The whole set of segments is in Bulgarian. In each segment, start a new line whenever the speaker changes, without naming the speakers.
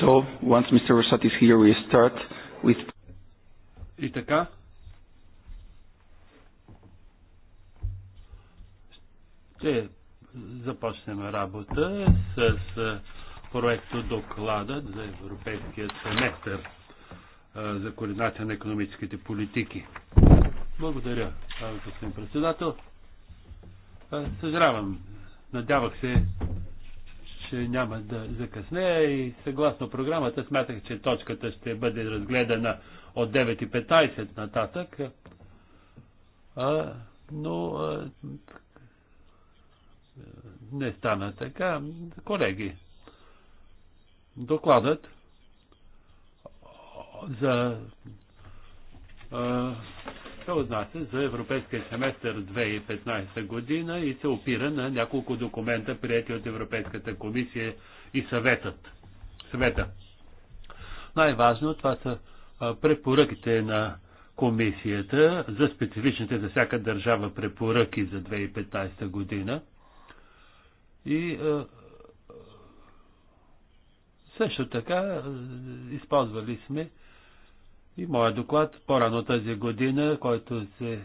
So, once Mr. Rosati is here, we start with...
И така, ще започнем работа с е, проекто доклада за Европейския семестър е, за координация на економическите политики. Благодаря, е, господин председател. Съжалявам. Надявах се че няма да закъснея и съгласно програмата смятах, че точката ще бъде разгледана от 9.15 нататък. А, но а, не стана така. Колеги, докладът за а, се отнася за Европейския семестър 2015 година и се опира на няколко документа, прияти от Европейската комисия и съветът. съвета. Най-важно това са препоръките на комисията за специфичните за всяка държава препоръки за 2015 година. И също така използвали сме и моят доклад по-рано тази година, който се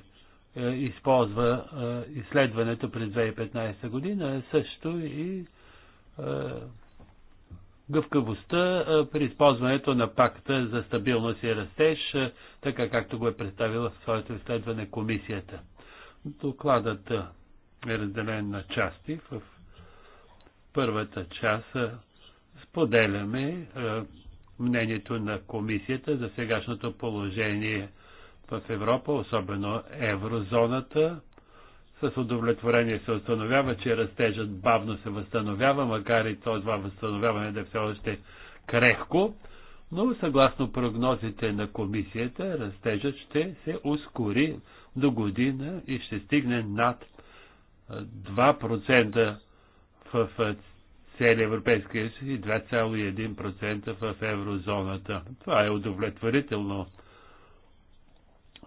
е, използва е, изследването през 2015 година, е също и е, гъвкавостта е, при използването на пакта за стабилност и растеж, е, така както го е представила в своето изследване комисията. Докладът е, е разделен на части. В първата част споделяме мнението на комисията за сегашното положение в Европа, особено еврозоната. С удовлетворение се установява, че растежът бавно се възстановява, макар и това възстановяване да е все още крехко, но съгласно прогнозите на комисията, растежът ще се ускори до година и ще стигне над 2% в целия Европейски съюз и 2,1% в еврозоната. Това е удовлетворително,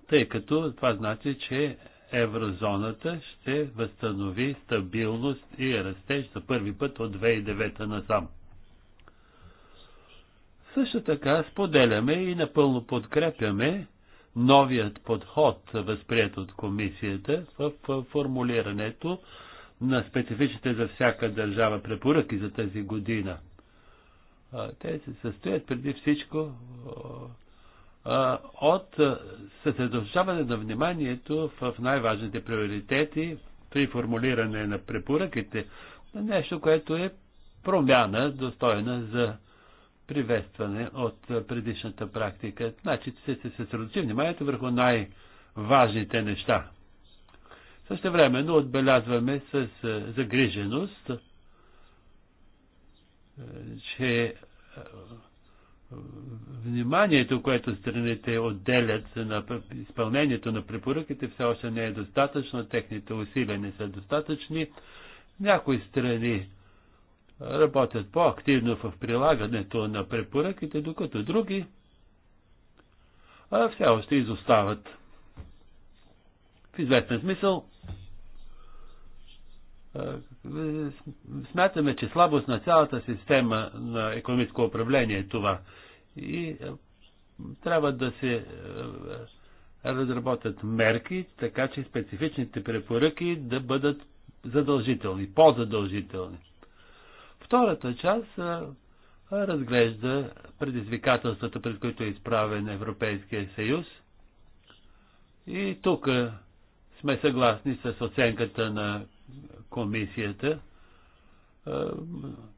тъй като това значи, че еврозоната ще възстанови стабилност и растеж за първи път от 2009 насам. Също така споделяме и напълно подкрепяме новият подход, възприят от комисията в формулирането на специфичните за всяка държава препоръки за тази година. Те се състоят преди всичко от съсредоточаване на вниманието в най-важните приоритети при формулиране на препоръките, на нещо, което е промяна, достойна за приветстване от предишната практика. Значи се, се съсредоточи вниманието върху най-важните неща. Също времено отбелязваме с е, загриженост, е, че е, вниманието, което страните отделят на изпълнението на препоръките, все още не е достатъчно, техните усилия не са достатъчни. Някои страни работят по-активно в прилагането на препоръките, докато други все още изостават. В известен смисъл, е, смятаме, че слабост на цялата система на економическо управление е това. И е, трябва да се е, разработят мерки, така че специфичните препоръки да бъдат задължителни, по-задължителни. Втората част разглежда предизвикателствата, пред които е изправен Европейския съюз. И тук сме съгласни с оценката на комисията. Е,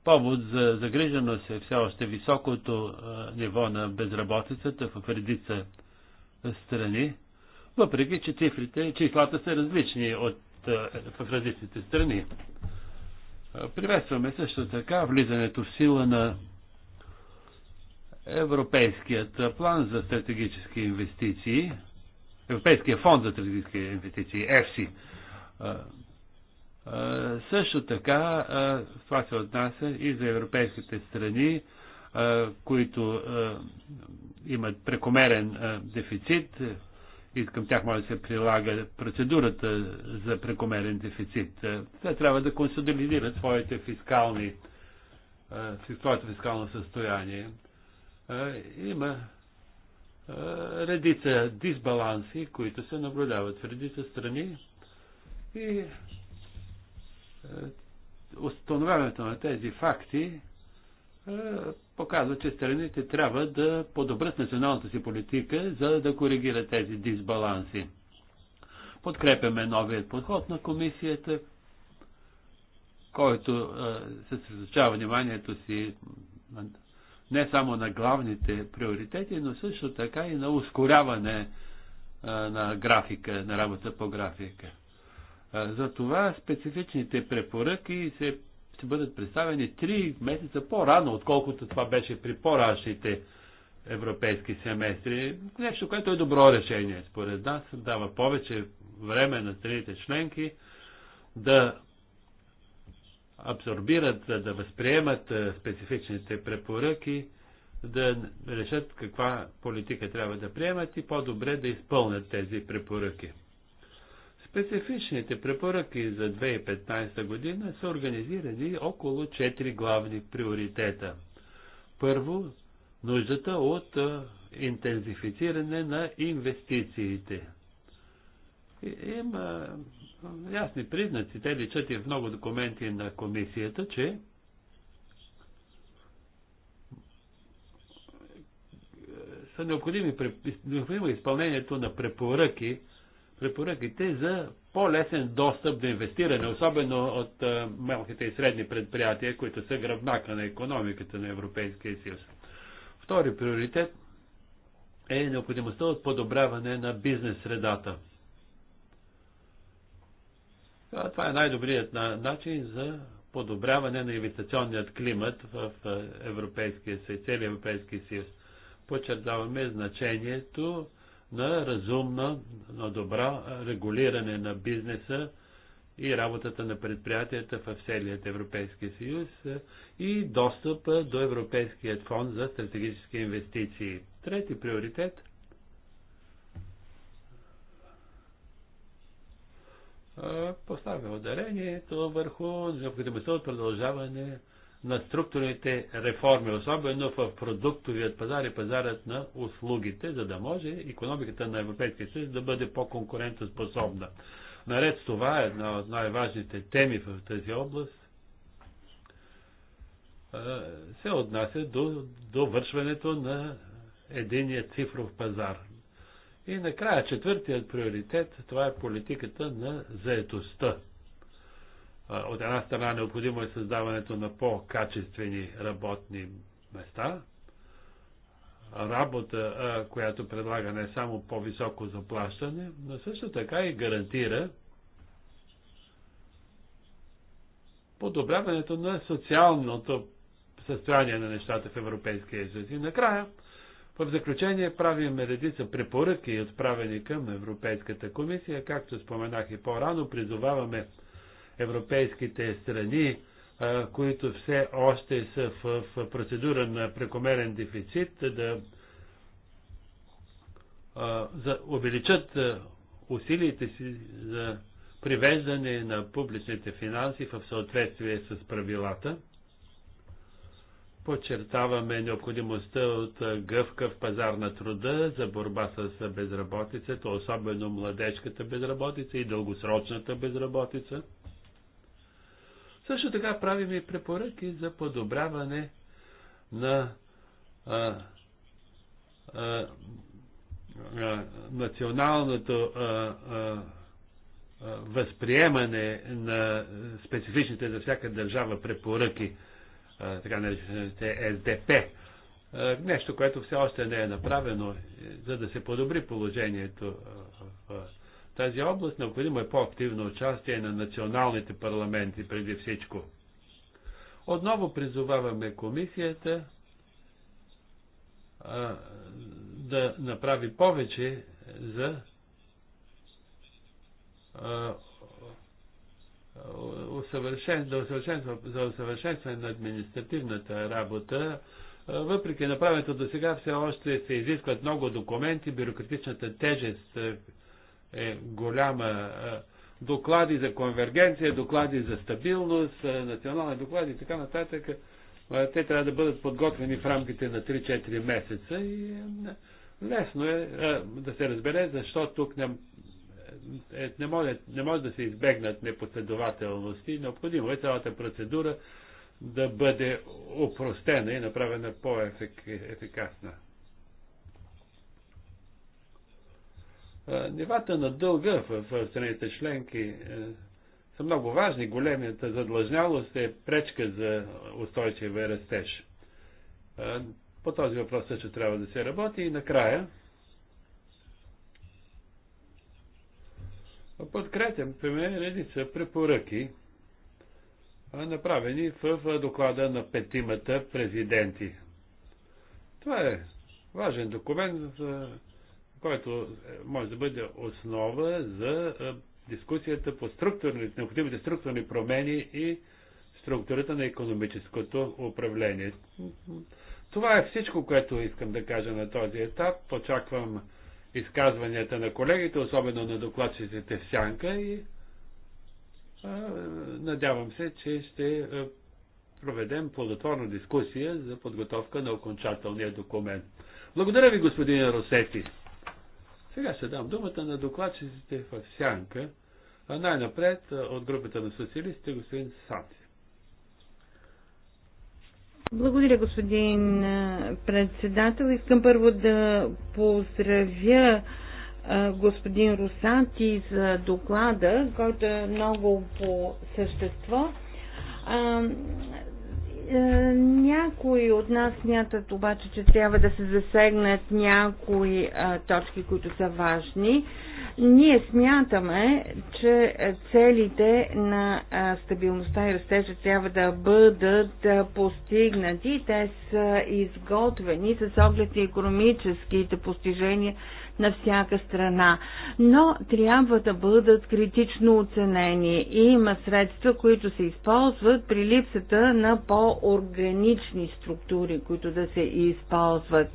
повод за загриженост е все още високото е, ниво на безработицата в редица страни, въпреки че цифрите, числата са различни от, е, в различните страни. Приветстваме също така влизането в сила на Европейският план за стратегически инвестиции, Европейския фонд за стратегически инвестиции, ЕФСИ. Също така, това се отнася и за европейските страни, които имат прекомерен дефицит и към тях може да се прилага процедурата за прекомерен дефицит. Те трябва да консолидират своите фискални, своето фискално състояние. Има редица дисбаланси, които се наблюдават в редица страни и е, установяването на тези факти е, показва, че страните трябва да подобрят националната си политика, за да коригират тези дисбаланси. Подкрепяме новият подход на комисията, който е, се съсредоточава вниманието си не само на главните приоритети, но също така и на ускоряване на графика, на работа по графика. Затова специфичните препоръки се, ще бъдат представени 3 месеца по-рано, отколкото това беше при по-рашните европейски семестри. Нещо, което е добро решение, според нас. Дава повече време на страните членки да абсорбират, да възприемат специфичните препоръки, да решат каква политика трябва да приемат и по-добре да изпълнят тези препоръки. Специфичните препоръки за 2015 година са организирани около 4 главни приоритета. Първо, нуждата от интензифициране на инвестициите. Има ясни признаци, те личат и в много документи на комисията, че са необходими, необходимо е изпълнението на препоръки препоръките за по-лесен достъп до инвестиране, особено от малките и средни предприятия, които са гръбнака на економиката на Европейския съюз. Втори приоритет е необходимостта от подобряване на бизнес средата. Това е най-добрият начин за подобряване на инвестиционният климат в Европейския съюз, целия Европейски съюз. Подчертаваме значението на разумна, на добра регулиране на бизнеса и работата на предприятията в целият Европейски съюз е, и достъп до Европейският фонд за стратегически инвестиции. Трети приоритет е, поставя ударението върху необходимостта от продължаване на структурните реформи, особено в продуктовият пазар и пазарът на услугите, за да може економиката на Европейския съюз да бъде по-конкурентоспособна. Наред с това, една от най-важните теми в тази област се отнася до довършването на единия цифров пазар. И накрая четвъртият приоритет, това е политиката на заетостта. От една страна необходимо е създаването на по-качествени работни места, работа, която предлага не само по-високо заплащане, но също така и гарантира подобряването на социалното състояние на нещата в Европейския съюз. И накрая, в заключение правим редица препоръки, отправени към Европейската комисия. Както споменах и по-рано, призоваваме европейските страни, които все още са в процедура на прекомерен дефицит, да увеличат усилиите си за привеждане на публичните финанси в съответствие с правилата. Подчертаваме необходимостта от гъвкав пазар на труда за борба с безработицата, особено младежката безработица и дългосрочната безработица. Също така правим и препоръки за подобряване на а, а, а, националното а, а, възприемане на специфичните за всяка държава препоръки, а, така наречените СДП. А, нещо, което все още не е направено, за да се подобри положението в тази област, необходимо е по-активно участие на националните парламенти преди всичко. Отново призоваваме комисията а, да направи повече за а, усъвършен, за усъвършенстване на административната работа. Въпреки направеното до сега все още се изискват много документи, бюрократичната тежест, е голяма. Е, доклади за конвергенция, доклади за стабилност, е, национални доклади и така нататък. Е, те трябва да бъдат подготвени в рамките на 3-4 месеца и лесно е да се разбере защо тук не, е, не, може, не може да се избегнат непоследователности. Необходимо е цялата процедура да бъде опростена и направена по-ефикасна. -ефик, Нивата на дълга в страните членки е, са много важни. Големията задлъжнялост е пречка за устойчив растеж. По този въпрос също трябва да се работи. И накрая, подкрепям редица препоръки, направени в доклада на петимата президенти. Това е важен документ, за който е, може да бъде основа за е, дискусията по структурни, необходимите структурни промени и структурата на економическото управление. Това е всичко, което искам да кажа на този етап. Очаквам изказванията на колегите, особено на докладчиците в Сянка и а, е, надявам се, че ще проведем плодотворна дискусия за подготовка на окончателния документ. Благодаря ви, господин Росети. Сега ще дам думата на докладчиците в Сянка, а най-напред от групата на социалистите господин Сати.
Благодаря, господин председател. Искам първо да поздравя господин Русанти за доклада, който е много по същество. Е, някои от нас смятат обаче, че трябва да се засегнат някои е, точки, които са важни. Ние смятаме, че целите на е, стабилността и растежа трябва да бъдат постигнати. Те са изготвени с оглед на економическите постижения на всяка страна, но трябва да бъдат критично оценени и има средства, които се използват при липсата на по-органични структури, които да се използват.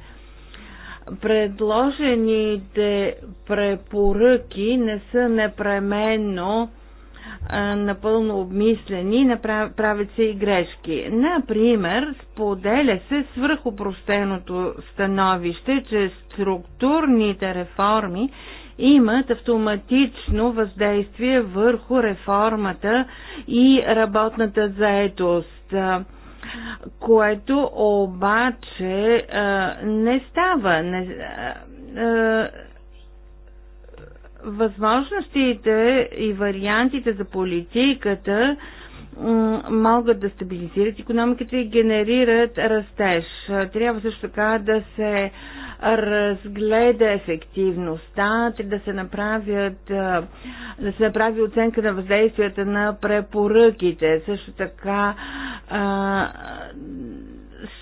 Предложените препоръки не са непременно напълно обмислени, правят се и грешки. Например, споделя се свръхопростеното становище, че структурните реформи имат автоматично въздействие върху реформата и работната заетост което обаче не става. Не, възможностите и вариантите за политиката могат да стабилизират економиката и генерират растеж. Трябва също така да се разгледа ефективността, да се, направят, да се направи оценка на въздействията на препоръките. Също така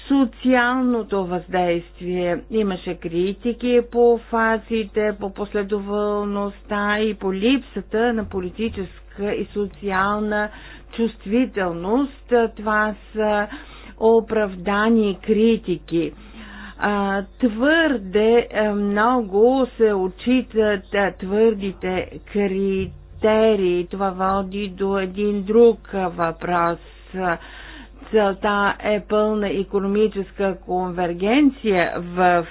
социалното въздействие. Имаше критики по фазите, по последователността и по липсата на политическа и социална чувствителност. Това са оправдани критики. Твърде много се отчитат твърдите критерии. Това води до един друг въпрос целта е пълна економическа конвергенция в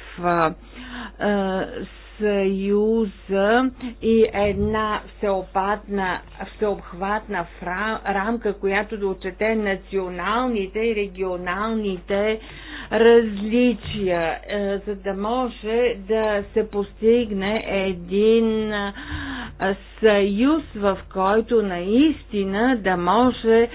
съюза и една всеобхватна, всеобхватна рамка, която да отчете националните и регионалните различия, е, за да може да се постигне един съюз, в който наистина да може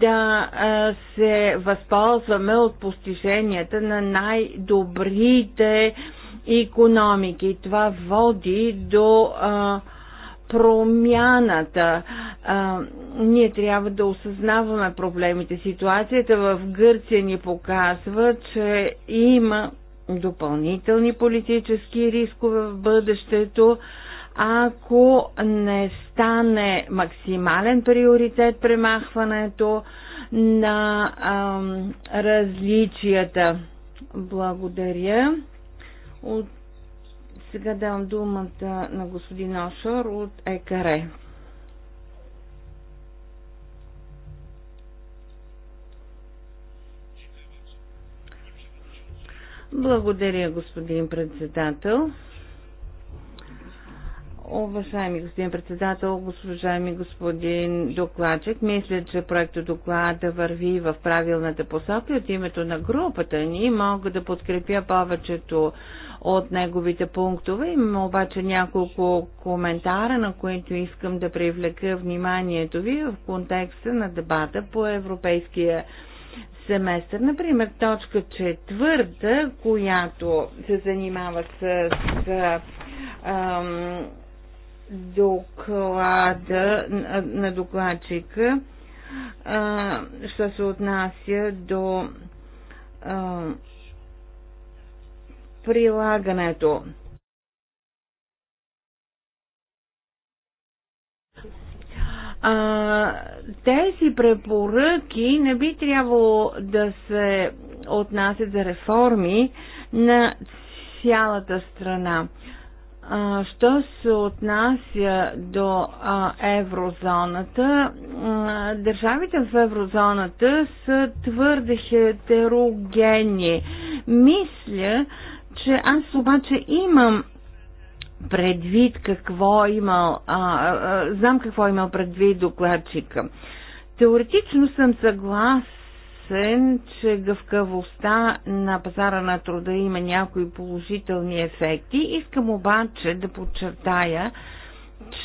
да се възползваме от постиженията на най-добрите економики. Това води до а, промяната. А, ние трябва да осъзнаваме проблемите. Ситуацията в Гърция ни показва, че има допълнителни политически рискове в бъдещето ако не стане максимален приоритет премахването на а, различията. Благодаря. От... Сега давам думата на господин Ошор от ЕКАРЕ. Благодаря, господин председател. Уважаеми господин председател, уважаеми господин докладчик, мисля, че проекто доклада върви в правилната посока от името на групата ни. Мога да подкрепя повечето от неговите пунктове. Имам обаче няколко коментара, на които искам да привлека вниманието ви в контекста на дебата по европейския семестър. Например, точка четвърта, която се занимава с, с ам, доклада на докладчика, що се отнася до прилагането. А, тези препоръки не би трябвало да се отнасят за реформи на цялата страна що се отнася до а, еврозоната, а, държавите в еврозоната са твърде хетерогени. Мисля, че аз обаче имам предвид какво имал, а, а, знам какво имал предвид докладчика. Теоретично съм съгласна съгласен, че гъвкавостта на пазара на труда има някои положителни ефекти. Искам обаче да подчертая,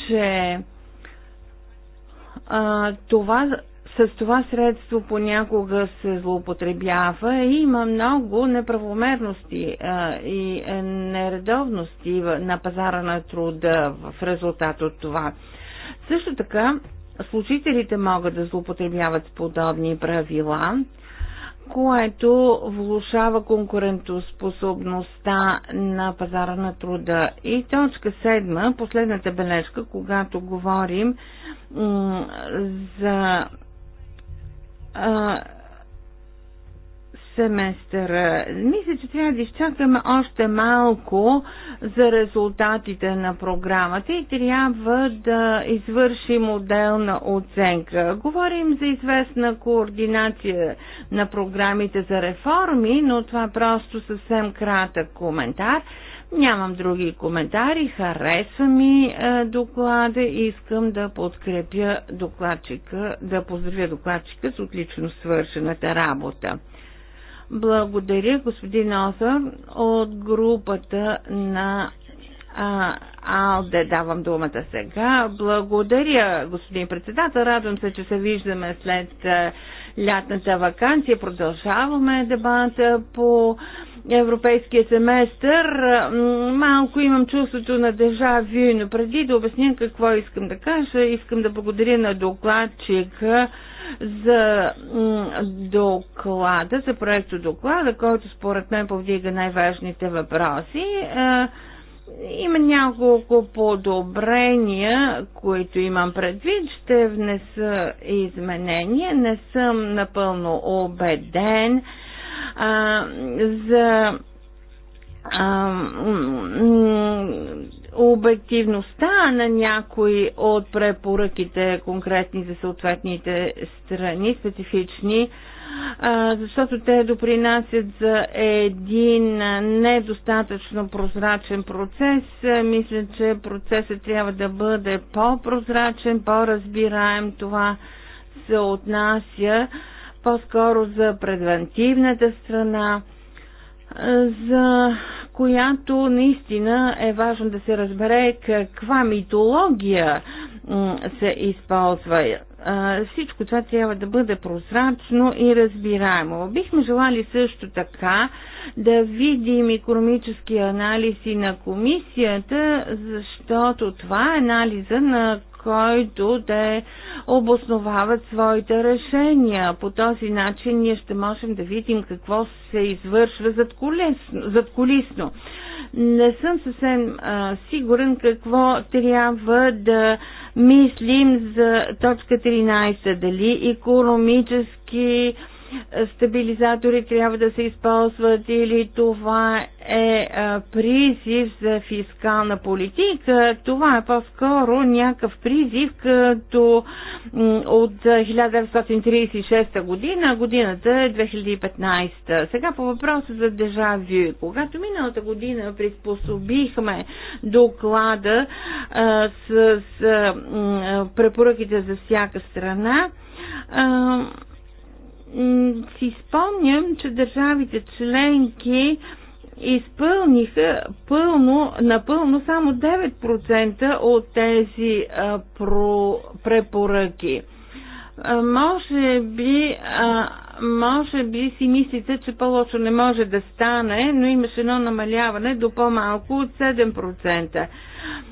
че а, това, с това средство понякога се злоупотребява и има много неправомерности а, и нередовности на пазара на труда в резултат от това. Също така служителите могат да злоупотребяват с подобни правила, което влушава конкурентоспособността на пазара на труда. И точка седма, последната бележка, когато говорим за семестъра. Мисля, че трябва да изчакаме още малко за резултатите на програмата и трябва да извършим отделна оценка. Говорим за известна координация на програмите за реформи, но това е просто съвсем кратък коментар. Нямам други коментари, харесва ми е, доклада и искам да подкрепя докладчика, да поздравя докладчика с отлично свършената работа. Благодаря, господин Осър, от групата на да давам думата сега. Благодаря, господин председател. Радвам се, че се виждаме след лятната вакансия. Продължаваме дебата по европейския семестър. Малко имам чувството на дежавю, но преди да обясня какво искам да кажа, искам да благодаря на докладчика за доклада, за проекто доклада, който според мен повдига най-важните въпроси. Има няколко подобрения, които имам предвид. Ще внеса изменения. Не съм напълно убеден а, за а, обективността на някои от препоръките конкретни за съответните страни, специфични защото те допринасят за един недостатъчно прозрачен процес. Мисля, че процесът трябва да бъде по-прозрачен, по-разбираем. Това се отнася по-скоро за превентивната страна, за която наистина е важно да се разбере каква митология се използва. Всичко това трябва да бъде прозрачно и разбираемо. Бихме желали също така да видим економически анализи на комисията, защото това е анализа на който да обосновават своите решения. По този начин ние ще можем да видим какво се извършва зад колесно. Зад колисно. Не съм съвсем а, сигурен какво трябва да мислим за точка 13, дали економически стабилизатори трябва да се използват или това е, е призив за фискална политика. Това е по-скоро някакъв призив като от 1936 година, годината е 2015. Сега по въпроса за дежавю. Когато миналата година приспособихме доклада с, препоръките за всяка страна, си спомням, че държавите членки изпълниха пълно, напълно само 9% от тези а, про, препоръки. А, може би, а, може би си мислите, че по-лошо не може да стане, но имаше едно намаляване до по-малко от 7%.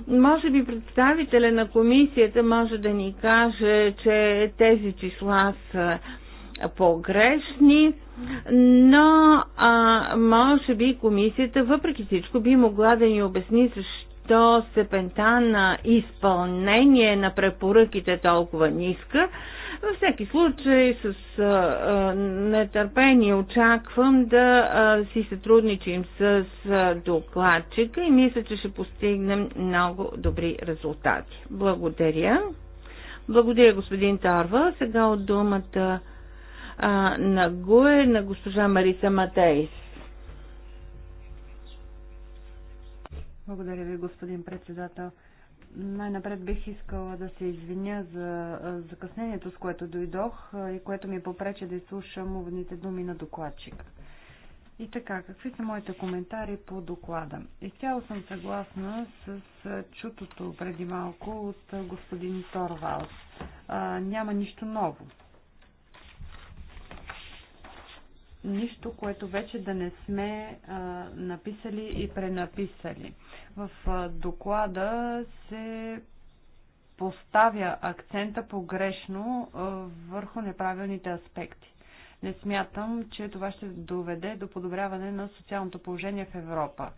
Може би представителя на комисията може да ни каже, че тези числа са погрешни, но а, може би комисията въпреки всичко би могла да ни обясни защо степента на изпълнение на препоръките е толкова ниска. Във всеки случай с а, а, нетърпение очаквам да а, си сътрудничим с а, докладчика и мисля, че ще постигнем много добри резултати. Благодаря. Благодаря, господин Тарва. Сега от думата а, на ГУЕ на госпожа Мариса Матейс.
Благодаря ви, господин председател. Най-напред бих искала да се извиня за закъснението, с което дойдох и което ми попрече да изслушам уводните думи на докладчик. И така, какви са моите коментари по доклада? Изцяло съм съгласна с чутото преди малко от господин Торвалс. Няма нищо ново. нищо, което вече да не сме а, написали и пренаписали. В а, доклада се поставя акцента погрешно а, върху неправилните аспекти. Не смятам, че това ще доведе до подобряване на социалното положение в Европа.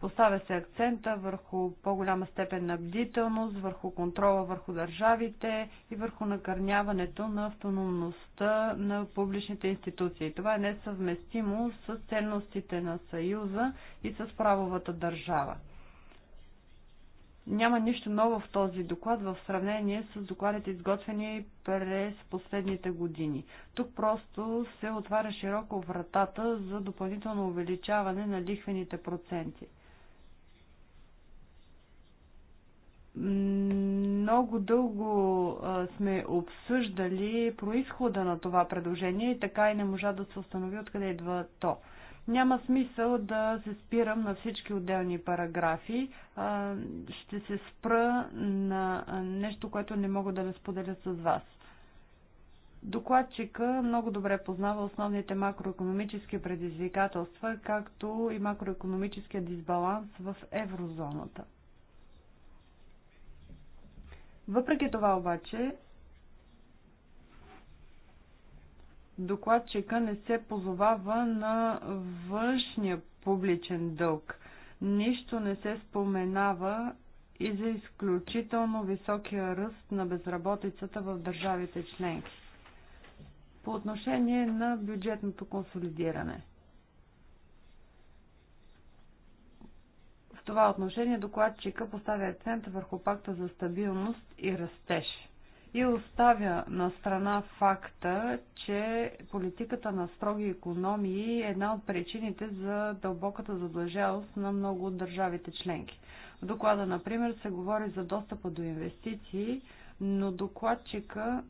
Поставя се акцента върху по-голяма степен на бдителност, върху контрола върху държавите и върху накърняването на автономността на публичните институции. Това е несъвместимо с ценностите на Съюза и с правовата държава. Няма нищо ново в този доклад в сравнение с докладите изготвени през последните години. Тук просто се отваря широко вратата за допълнително увеличаване на лихвените проценти. много дълго сме обсъждали происхода на това предложение и така и не можа да се установи откъде идва то. Няма смисъл да се спирам на всички отделни параграфи. ще се спра на нещо, което не мога да не споделя с вас. Докладчика много добре познава основните макроекономически предизвикателства, както и макроекономическия дисбаланс в еврозоната. Въпреки това обаче, докладчика не се позовава на външния публичен дълг. Нищо не се споменава и за изключително високия ръст на безработицата в държавите членки. По отношение на бюджетното консолидиране – това отношение докладчика поставя акцент върху пакта за стабилност и растеж и оставя на страна факта, че политиката на строги економии е една от причините за дълбоката задлъжалост на много от държавите членки. В доклада, например, се говори за достъпа до инвестиции, но докладчика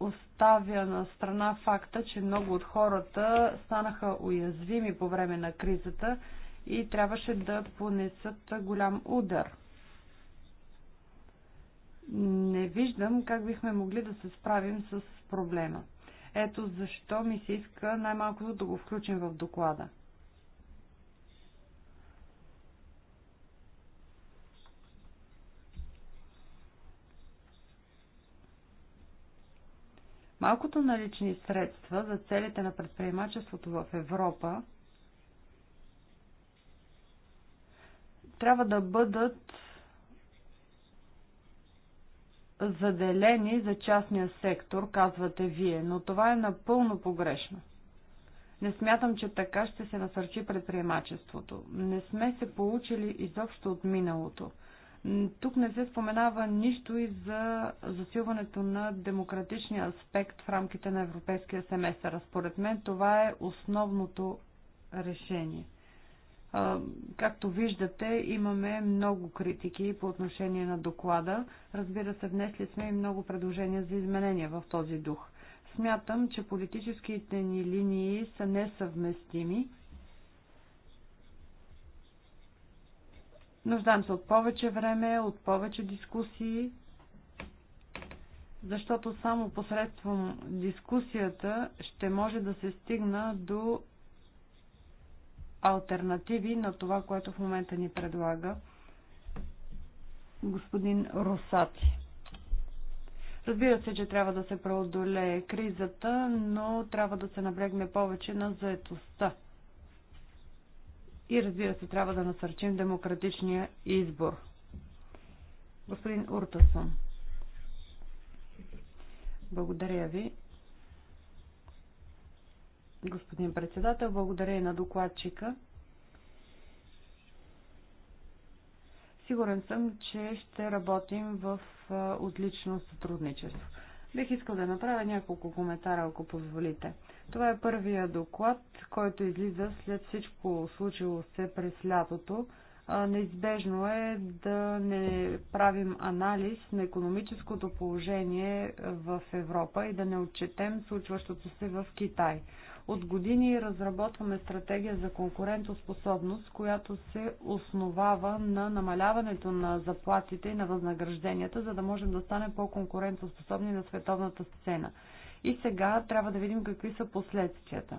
оставя на страна факта, че много от хората станаха уязвими по време на кризата и трябваше да понесат голям удар. Не виждам как бихме могли да се справим с проблема. Ето защо ми се иска най-малкото да го включим в доклада. Малкото налични средства за целите на предприемачеството в Европа трябва да бъдат заделени за частния сектор, казвате вие, но това е напълно погрешно. Не смятам, че така ще се насърчи предприемачеството. Не сме се получили изобщо от миналото – тук не се споменава нищо и за засилването на демократичния аспект в рамките на европейския семестър. според мен това е основното решение. Както виждате, имаме много критики по отношение на доклада. Разбира се, внесли сме и много предложения за изменения в този дух. Смятам, че политическите ни линии са несъвместими Нуждам се от повече време, от повече дискусии, защото само посредством дискусията ще може да се стигна до альтернативи на това, което в момента ни предлага господин Русати. Разбира се, че трябва да се преодолее кризата, но трябва да се наблегне повече на заетостта. И разбира се, трябва да насърчим демократичния избор. Господин Уртасон, благодаря ви. Господин председател, благодаря и на докладчика. Сигурен съм, че ще работим в отлично сътрудничество. Бих искал да направя няколко коментара, ако позволите. Това е първия доклад, който излиза след всичко случило се през лятото. Неизбежно е да не правим анализ на економическото положение в Европа и да не отчетем случващото се в Китай. От години разработваме стратегия за конкурентоспособност, която се основава на намаляването на заплатите и на възнагражденията, за да можем да станем по-конкурентоспособни на световната сцена. И сега трябва да видим какви са последствията.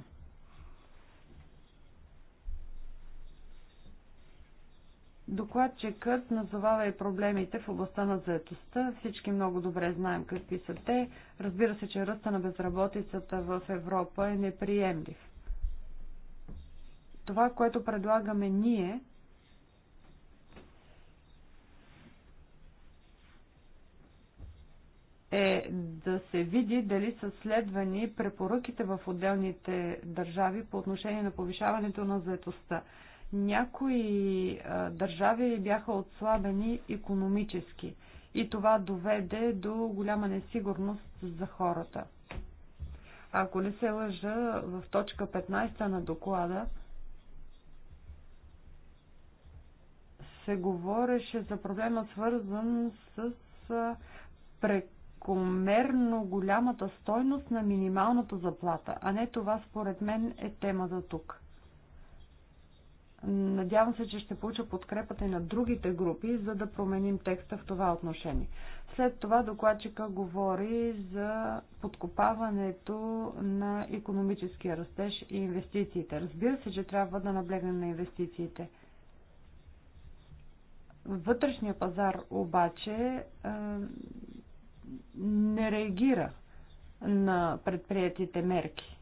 Докладчикът назовава и проблемите в областта на заетостта. Всички много добре знаем какви са те. Разбира се, че ръста на безработицата в Европа е неприемлив. Това, което предлагаме ние, е да се види дали са следвани препоръките в отделните държави по отношение на повишаването на заетостта. Някои държави бяха отслабени економически и това доведе до голяма несигурност за хората. Ако не се лъжа, в точка 15 на доклада се говореше за проблема свързан с прекъсване прекомерно голямата стойност на минималната заплата, а не това според мен е темата тук. Надявам се, че ще получа подкрепата и на другите групи, за да променим текста в това отношение. След това докладчика говори за подкопаването на економическия растеж и инвестициите. Разбира се, че трябва да наблегнем на инвестициите. Вътрешния пазар обаче не реагира на предприятите мерки.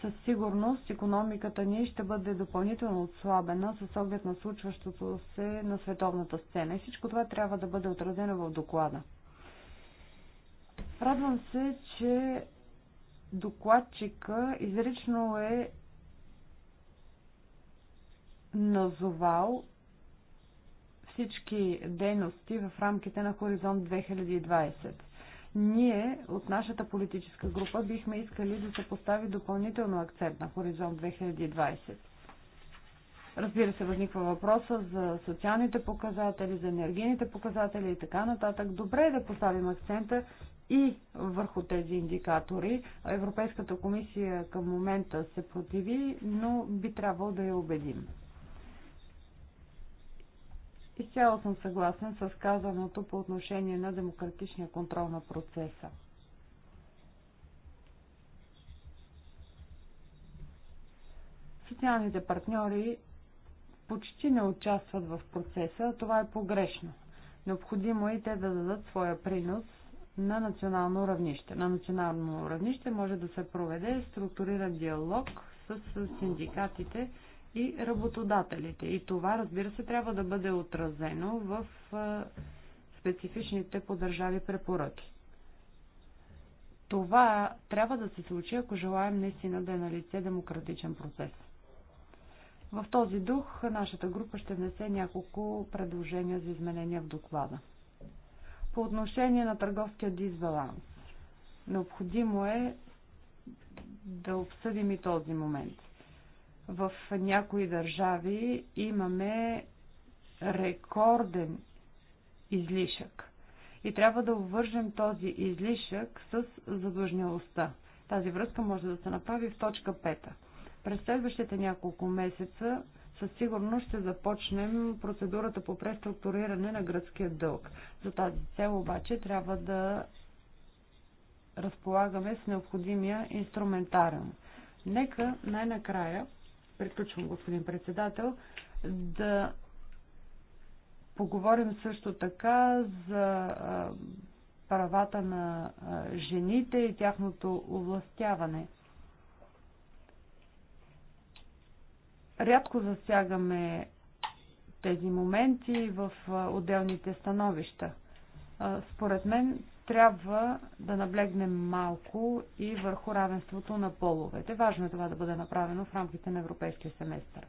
Със сигурност економиката ни ще бъде допълнително отслабена с оглед на случващото се на световната сцена. И всичко това трябва да бъде отразено в доклада. Радвам се, че докладчика изрично е назовал всички дейности в рамките на Хоризонт 2020. Ние от нашата политическа група бихме искали да се постави допълнително акцент на Хоризонт 2020. Разбира се, възниква въпроса за социалните показатели, за енергийните показатели и така нататък. Добре е да поставим акцента и върху тези индикатори. Европейската комисия към момента се противи, но би трябвало да я убедим. Изцяло съм съгласен с казаното по отношение на демократичния контрол на процеса. Социалните партньори почти не участват в процеса, това е погрешно. Необходимо е те да дадат своя принос на национално равнище. На национално равнище може да се проведе структуриран диалог с синдикатите, и работодателите. И това, разбира се, трябва да бъде отразено в специфичните по държави препоръки. Това трябва да се случи, ако желаем наистина да е на лице демократичен процес. В този дух нашата група ще внесе няколко предложения за изменения в доклада. По отношение на търговския дисбаланс, необходимо е да обсъдим и този момент. В някои държави имаме рекорден излишък. И трябва да обвържем този излишък с задлъжнялостта. Тази връзка може да се направи в точка 5. През следващите няколко месеца със сигурност ще започнем процедурата по преструктуриране на гръцкия дълг. За тази цел обаче трябва да разполагаме с необходимия инструментариум. Нека най-накрая приключвам господин председател, да поговорим също така за правата на жените и тяхното овластяване. Рядко засягаме тези моменти в отделните становища. Според мен трябва да наблегнем малко и върху равенството на половете. Важно е това да бъде направено в рамките на европейския семестър.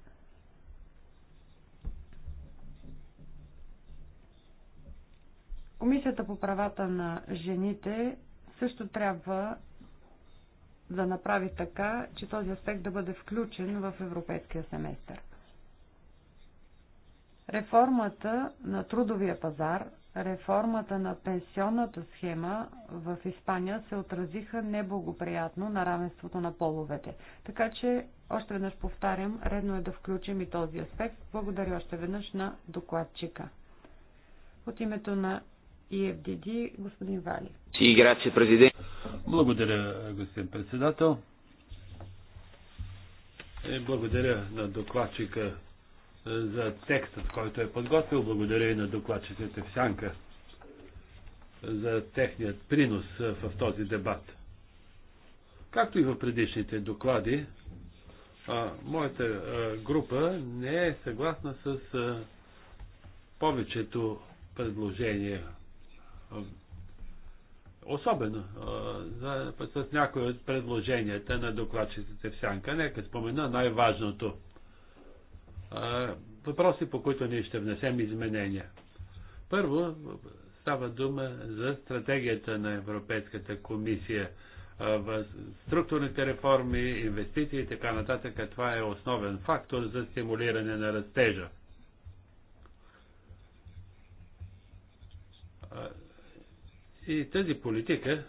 Комисията по правата на жените също трябва да направи така, че този аспект да бъде включен в европейския семестър. Реформата на трудовия пазар реформата на пенсионната схема в Испания се отразиха неблагоприятно на равенството на половете. Така че, още веднъж повтарям, редно е да включим и този аспект. Благодаря още веднъж на докладчика. От името на EFDD, господин Вали.
И грация, президент. Благодаря, господин председател. Е, благодаря на докладчика е, за текстът, който е подготвил. Благодаря и на докладчиците в Сянка за техният принос е, в този дебат. Както и в предишните доклади, е, моята група не е съгласна с повечето предложения. Особено с някои от предложенията на докладчиците в Сянка. Нека спомена най-важното – въпроси, по които ние ще внесем изменения. Първо, става дума за стратегията на Европейската комисия в структурните реформи, инвестиции и така нататък. Това е основен фактор за стимулиране на растежа. И тази политика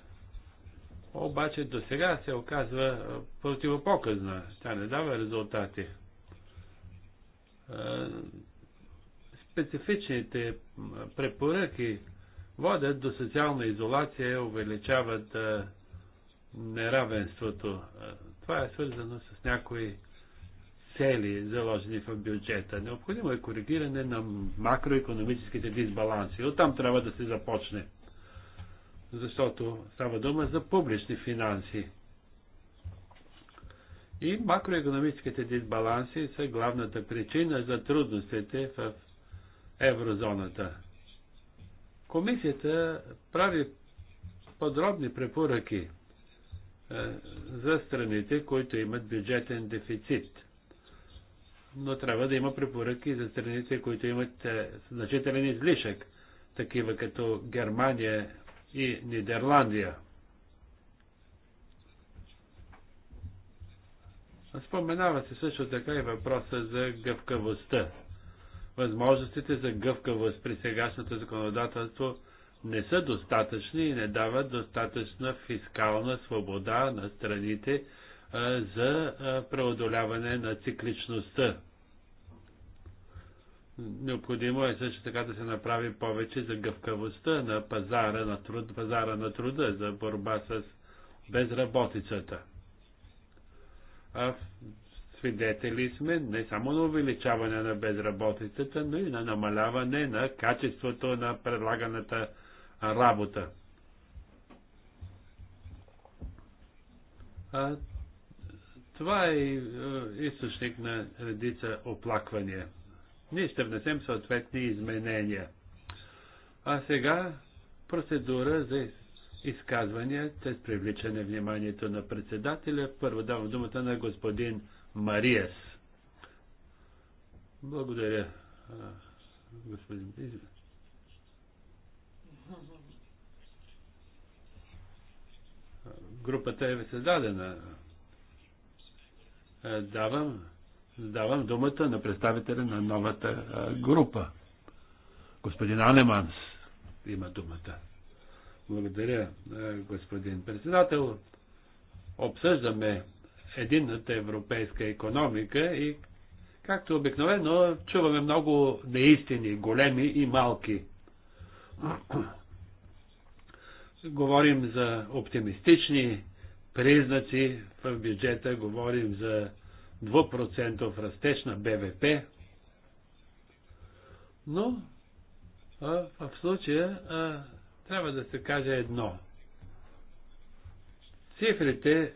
обаче до сега се оказва противопоказна. Тя не дава резултати специфичните препоръки водят до социална изолация, и увеличават неравенството. Това е свързано с някои цели, заложени в бюджета. Необходимо е коригиране на макроекономическите дисбаланси. Оттам трябва да се започне. Защото става дума за публични финанси. И макроекономическите дисбаланси са главната причина за трудностите в еврозоната. Комисията прави подробни препоръки е, за страните, които имат бюджетен дефицит. Но трябва да има препоръки за страните, които имат е, значителен излишък, такива като Германия и Нидерландия. Споменава се също така и въпроса за гъвкавостта. Възможностите за гъвкавост при сегашното законодателство не са достатъчни и не дават достатъчна фискална свобода на страните за преодоляване на цикличността. Необходимо е също така да се направи повече за гъвкавостта на пазара на, труд, пазара на труда, за борба с безработицата свидетели сме не само на увеличаване на безработицата, но и на намаляване на качеството на предлаганата работа. А, това е, е източник на редица оплаквания. Ние ще внесем съответни изменения. А сега процедура за изказвания чрез привличане вниманието на председателя. Първо давам думата на господин Мариес. Благодаря, господин Бизбе. Групата е създадена. Давам, давам думата на представителя на новата група. Господин Анеманс има думата. Благодаря, е, господин председател. Обсъждаме единната европейска економика и както обикновено чуваме много неистини, големи и малки. Говорим за оптимистични признаци в бюджета, говорим за 2% растеж на БВП, но а, в случая а, трябва да се каже едно. Цифрите е,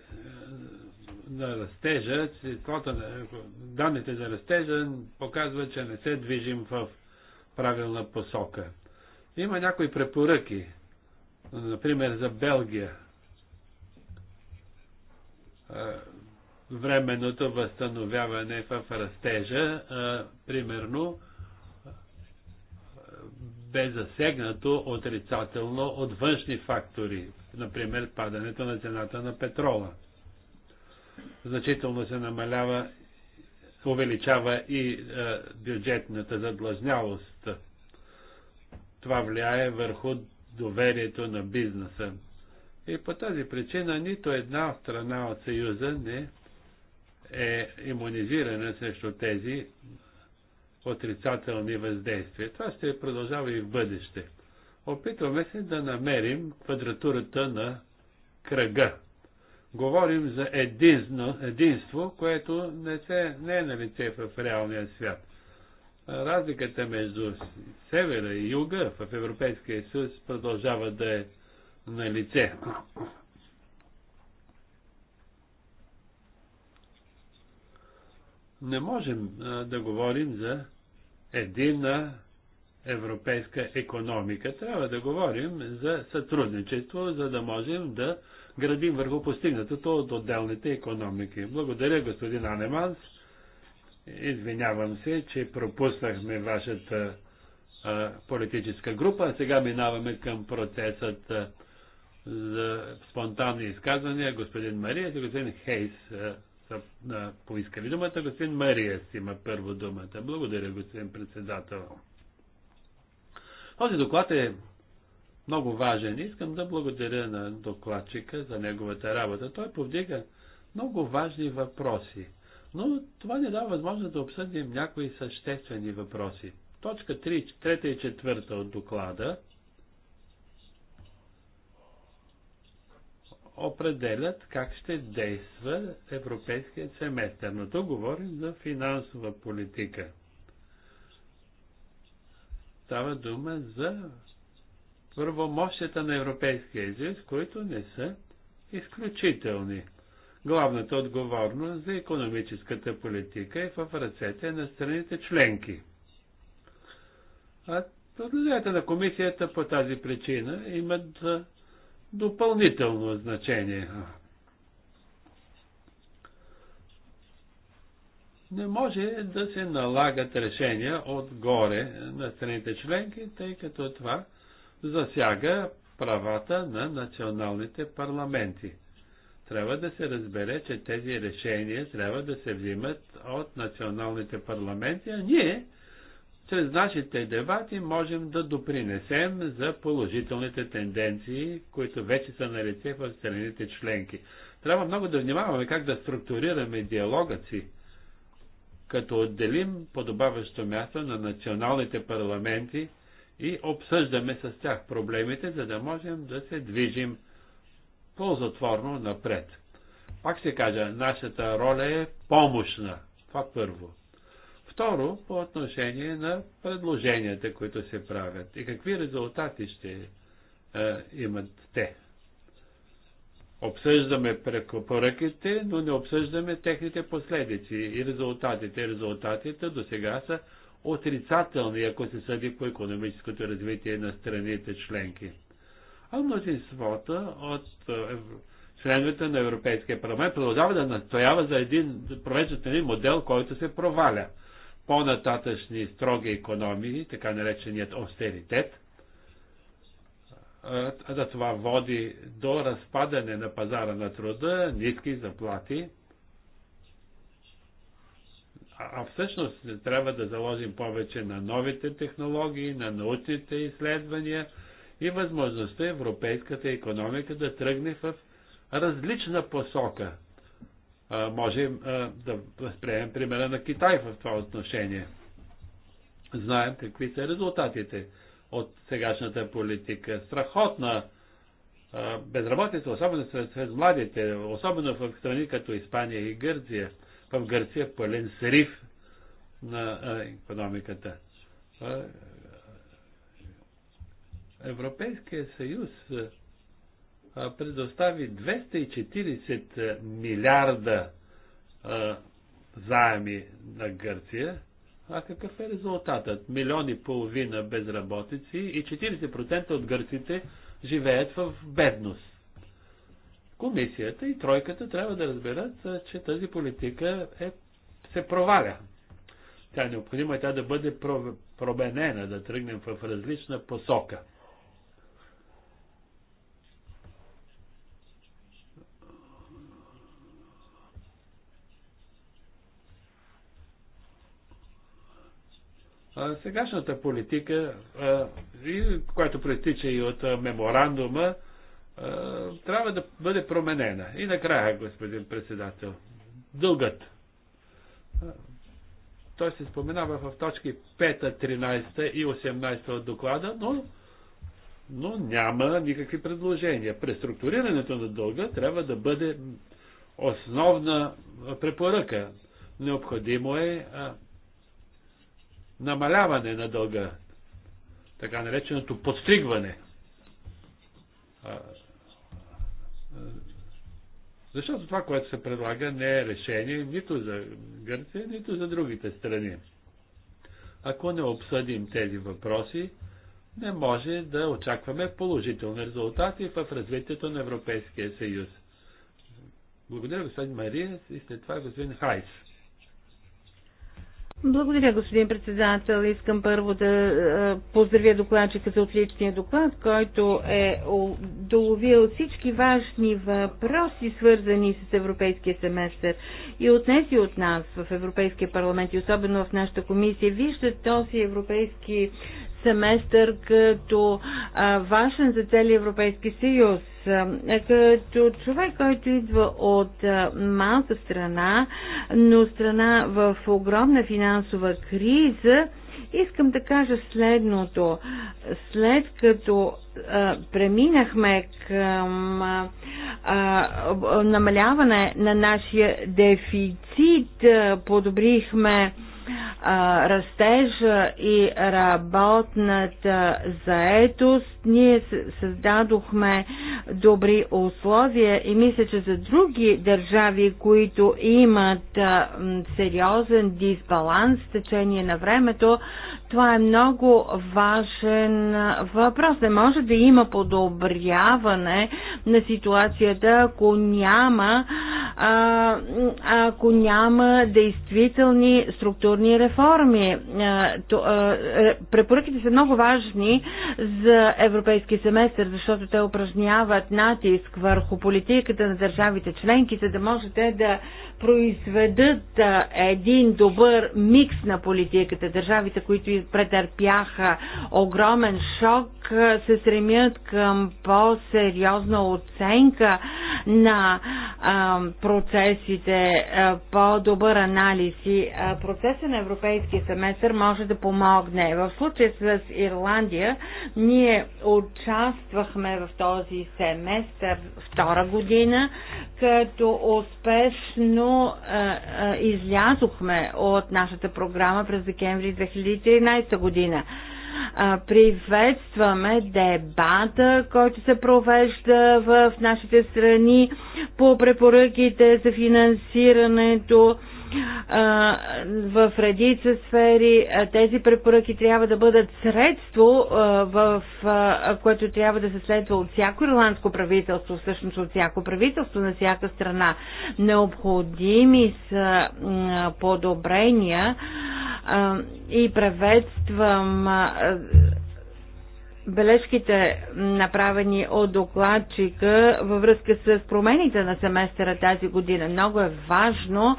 на растежа, числото, е, данните за растежа показват, че не се движим в правилна посока. Има някои препоръки, например за Белгия. Е, временното възстановяване в растежа, примерно, бе засегнато отрицателно от външни фактори, например падането на цената на петрола. Значително се намалява, увеличава и е, бюджетната задлъжнявост. Това влияе върху доверието на бизнеса. И по тази причина нито една страна от Съюза не е иммунизирана срещу тези отрицателни въздействия. Това ще продължава и в бъдеще. Опитваме се да намерим квадратурата на кръга. Говорим за единство, единство което не, се, не е на лице в реалния свят. Разликата между севера и юга в Европейския съюз продължава да е на лице. Не можем а, да говорим за единна европейска економика. Трябва да говорим за сътрудничество, за да можем да градим върху постигнатото от отделните економики. Благодаря, господин Анеманс. Извинявам се, че пропуснахме вашата а, политическа група. сега минаваме към процесът а, за спонтанни изказвания. Господин Мария и господин Хейс а, са а, поискали думата. Господин Мария си има първо думата. Благодаря, господин председател. Този доклад е много важен. Искам да благодаря на докладчика за неговата работа. Той повдига много важни въпроси. Но това не дава възможност да обсъдим някои съществени въпроси. Точка 3, 3 и 4 от доклада определят как ще действа европейският семестър. Но тук говорим за финансова политика. Става дума за първомощията на Европейския съюз, които не са изключителни. Главната отговорност за економическата политика е в ръцете на страните членки. А Предложенията на комисията по тази причина имат допълнително значение. Не може да се налагат решения отгоре на страните членки, тъй като това засяга правата на националните парламенти. Трябва да се разбере, че тези решения трябва да се взимат от националните парламенти, а ние чрез нашите дебати можем да допринесем за положителните тенденции, които вече са на лице в страните членки. Трябва много да внимаваме как да структурираме диалога си, като отделим подобаващо място на националните парламенти и обсъждаме с тях проблемите, за да можем да се движим ползотворно напред. Пак се кажа, нашата роля е помощна. Това първо. Второ, по отношение на предложенията, които се правят и какви резултати ще е, имат те. Обсъждаме препоръките, но не обсъждаме техните последици и резултатите. Резултатите до сега са отрицателни, ако се съди по економическото развитие на страните членки. А мнозинството от е, членовете на Европейския парламент продължава да настоява за един, провеждат един модел, който се проваля – по-нататъчни строги економии, така нареченият остеритет, а да това води до разпадане на пазара на труда, ниски заплати. А всъщност трябва да заложим повече на новите технологии, на научните изследвания и възможността европейската економика да тръгне в различна посока – Можем да възприемем примера на Китай в това отношение. Знаем какви са резултатите от сегашната политика. Страхотна безработица, особено сред младите, особено в страни като Испания и Гърция. В Гърция е пълен срив на економиката. Европейския съюз предостави 240 милиарда заеми на Гърция, а какъв е резултатът? Милиони и половина безработици и 40% от гърците живеят в бедност. Комисията и тройката трябва да разберат, че тази политика е, се проваля. Тя е необходима и тя да бъде променена, да тръгнем в различна посока – Сегашната политика, която проистича и от меморандума, трябва да бъде променена. И накрая, господин председател, дългът. Той се споменава в точки 5, 13 и 18 от доклада, но, но няма никакви предложения. Преструктурирането на дълга трябва да бъде основна препоръка. Необходимо е намаляване на дълга, така нареченото подстригване. Защото това, което се предлага, не е решение нито за Гърция, нито за другите страни. Ако не обсъдим тези въпроси, не може да очакваме положителни резултати в развитието на Европейския съюз. Благодаря, господин Мария, и след това господин Хайс.
Благодаря, господин председател. Искам първо да поздравя докладчика за отличния доклад, който е доловил всички важни въпроси, свързани с европейския семестър. И отнеси от нас в Европейския парламент и особено в нашата комисия вижте, този европейски семестър като а, важен за целия Европейски съюз. Като човек, който идва от малка страна, но страна в огромна финансова криза, искам да кажа следното. След като а, преминахме към а, а, намаляване на нашия дефицит, а, подобрихме растежа и работната заетост, ние създадохме добри условия и мисля, че за други държави, които имат сериозен дисбаланс в течение на времето, това е много важен въпрос. Не може да има подобряване на ситуацията, ако няма, а, ако няма действителни структурни реформи. А, то, а, е, препоръките са много важни за европейски семестър, защото те упражняват натиск върху политиката на държавите членки, за да можете да произведат един добър микс на политиката. Държавите, които претърпяха огромен шок, се стремят към по-сериозна оценка на процесите, по-добър анализ и процеса на европейския семестър може да помогне. В случая с Ирландия ние участвахме в този семестър втора година, като успешно а, е, а, е, излязохме от нашата програма през декември 2013 година. А, е, приветстваме дебата, който се провежда в нашите страни по препоръките за финансирането в редица сфери. Тези препоръки трябва да бъдат средство, в което трябва да се следва от всяко ирландско правителство, всъщност от всяко правителство на всяка страна. Необходими са подобрения и приветствам бележките, направени от докладчика във връзка с промените на семестъра тази година. Много е важно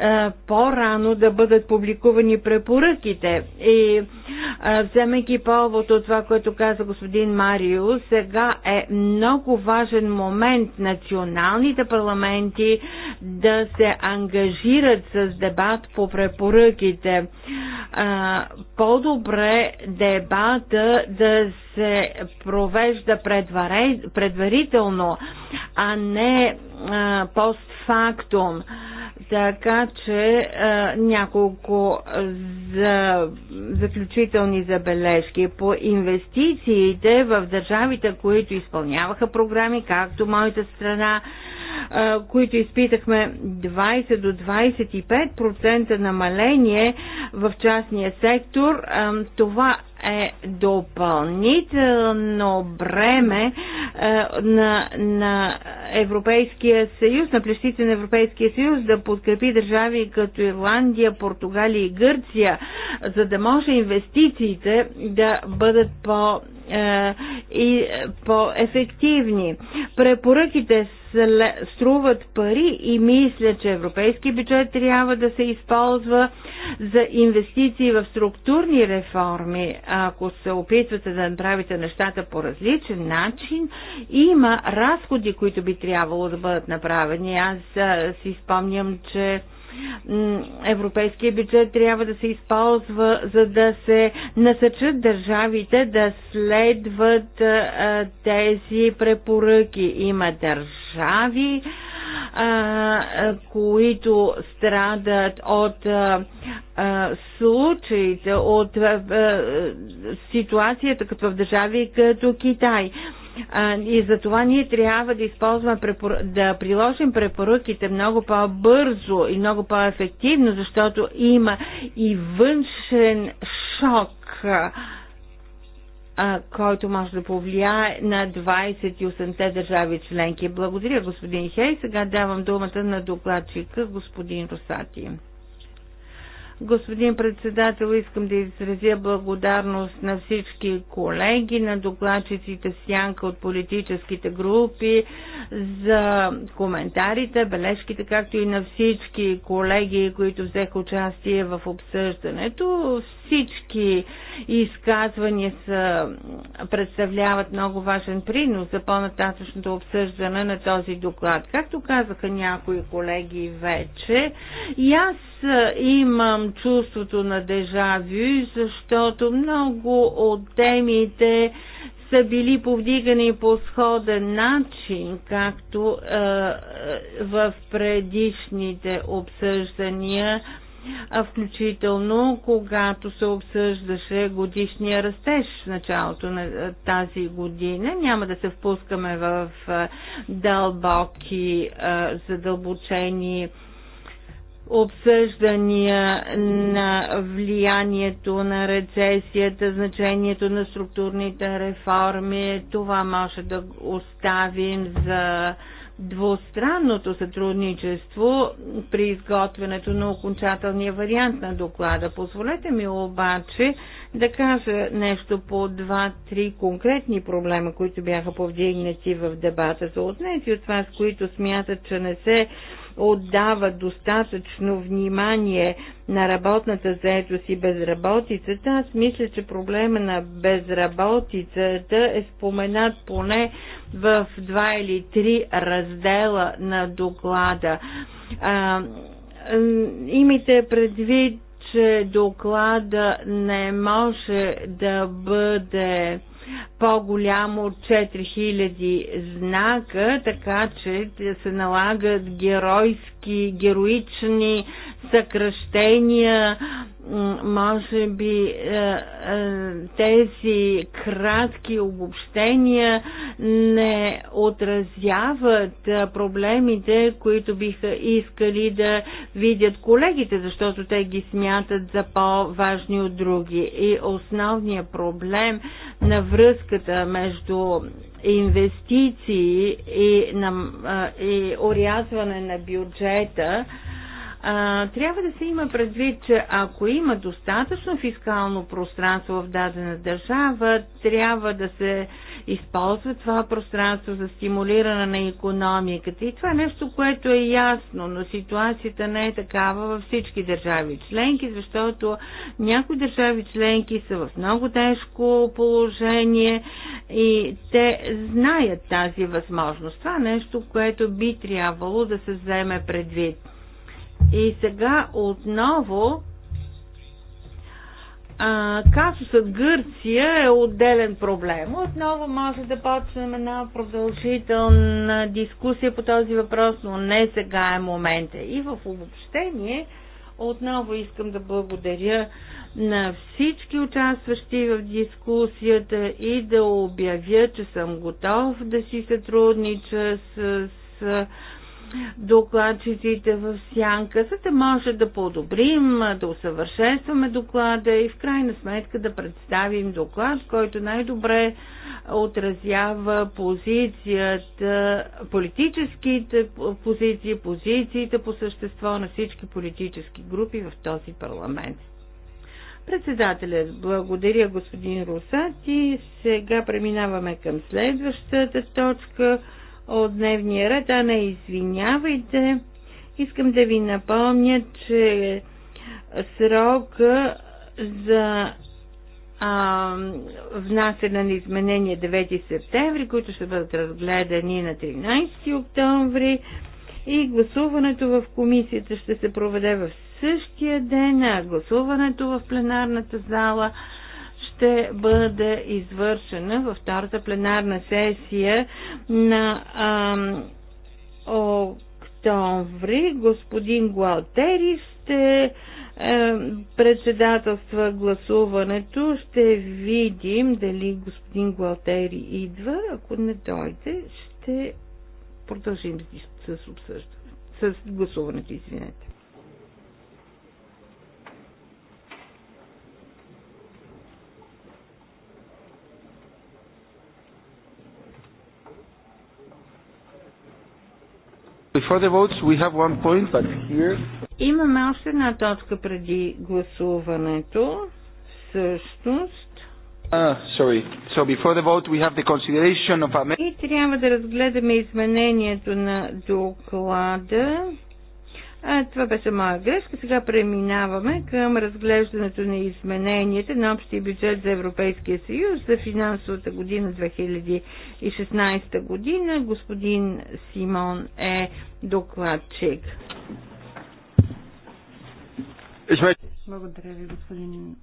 е, по-рано да бъдат публикувани препоръките. И е, вземайки повод от това, което каза господин Марио, сега е много важен момент националните парламенти да се ангажират с дебат по препоръките. Е, по-добре дебата да се провежда предварително, а не постфактум. Така че а, няколко за, заключителни забележки по инвестициите в държавите, които изпълняваха програми, както моята страна, които изпитахме 20 до 25% намаление в частния сектор. Това е допълнително бреме на, на Европейския съюз, на плещите на Европейския съюз да подкрепи държави като Ирландия, Португалия и Гърция, за да може инвестициите да бъдат по е, и по-ефективни. Препоръките струват пари и мисля, че европейски бюджет трябва да се използва за инвестиции в структурни реформи. Ако се опитвате да направите нещата по различен начин, има разходи, които би трябвало да бъдат направени. Аз си спомням, че европейския бюджет трябва да се използва, за да се насъчат държавите да следват тези препоръки. Има държави, които страдат от случаите, от ситуацията като в държави като Китай. И за това ние трябва да използваме, да приложим препоръките много по-бързо и много по-ефективно, защото има и външен шок който може да повлияе на 28-те държави членки. Благодаря, господин Хей. Сега давам думата на докладчика, господин Росати. Господин председател, искам да изразя благодарност на всички колеги, на докладчиците Сянка от политическите групи за коментарите, бележките, както и на всички колеги, които взеха участие в обсъждането. Всички изказвания са, представляват много важен принос за по-нататъчното обсъждане на този доклад. Както казаха някои колеги вече, и аз е, имам чувството на дежавю, защото много от темите са били повдигани по сходен начин, както е, е в предишните обсъждания а включително когато се обсъждаше годишния растеж в началото на тази година. Няма да се впускаме в дълбоки, задълбочени обсъждания на влиянието на рецесията, значението на структурните реформи. Това може да оставим за двустранното сътрудничество при изготвянето на окончателния вариант на доклада. Позволете ми обаче да кажа нещо по два-три конкретни проблема, които бяха повдигнати в дебата за отнети от вас, които смятат, че не се отдава достатъчно внимание на работната заетост и безработицата, аз мисля, че проблема на безработицата е споменат поне в два или три раздела на доклада. А, имайте предвид, че доклада не може да бъде по-голямо от 4000 знака, така че се налагат геройски всички героични съкръщения, може би е, е, тези кратки обобщения не отразяват е, проблемите, които биха искали да видят колегите, защото те ги смятат за по-важни от други. И основният проблем на връзката между инвестиции и, на, и орязване на бюджета, трябва да се има предвид, че ако има достатъчно фискално пространство в дадена държава, трябва да се използват това пространство за стимулиране на економиката. И това е нещо, което е ясно, но ситуацията не е такава във всички държави членки, защото някои държави членки са в много тежко положение и те знаят тази възможност. Това е нещо, което би трябвало да се вземе предвид. И сега отново а, казусът Гърция е отделен проблем. Отново може да почнем една продължителна дискусия по този въпрос, но не сега е момента. И в обобщение отново искам да благодаря на всички участващи в дискусията и да обявя, че съм готов да си сътруднича с, с докладчиците в сянка, за да може да подобрим, да усъвършенстваме доклада и в крайна сметка да представим доклад, който най-добре отразява позицията, политическите позиции, позициите по същество на всички политически групи в този парламент. Председателят благодаря господин Русати. Сега преминаваме към следващата точка от дневния ред. А не извинявайте. Искам да ви напомня, че срок за а, внасяне на изменения 9 е септември, които ще бъдат разгледани на 13 октомври и гласуването в комисията ще се проведе в същия ден, а гласуването в пленарната зала – ще бъде извършена във втората пленарна сесия на а, октомври. Господин Гуалтери ще председателства гласуването. Ще видим дали господин Гуалтери идва. Ако не дойде, ще продължим с, с, с гласуването, извинете. Before the votes, we have one point, but here... Имаме още една точка преди гласуването. Всъщност... Ah, sorry. So before the vote, we have the consideration of... И трябва да разгледаме изменението на доклада а, това беше моя грешка. Сега преминаваме към разглеждането на измененията на общия бюджет за Европейския съюз за финансовата година 2016 година. Господин Симон е докладчик.
Благодаря ви, господин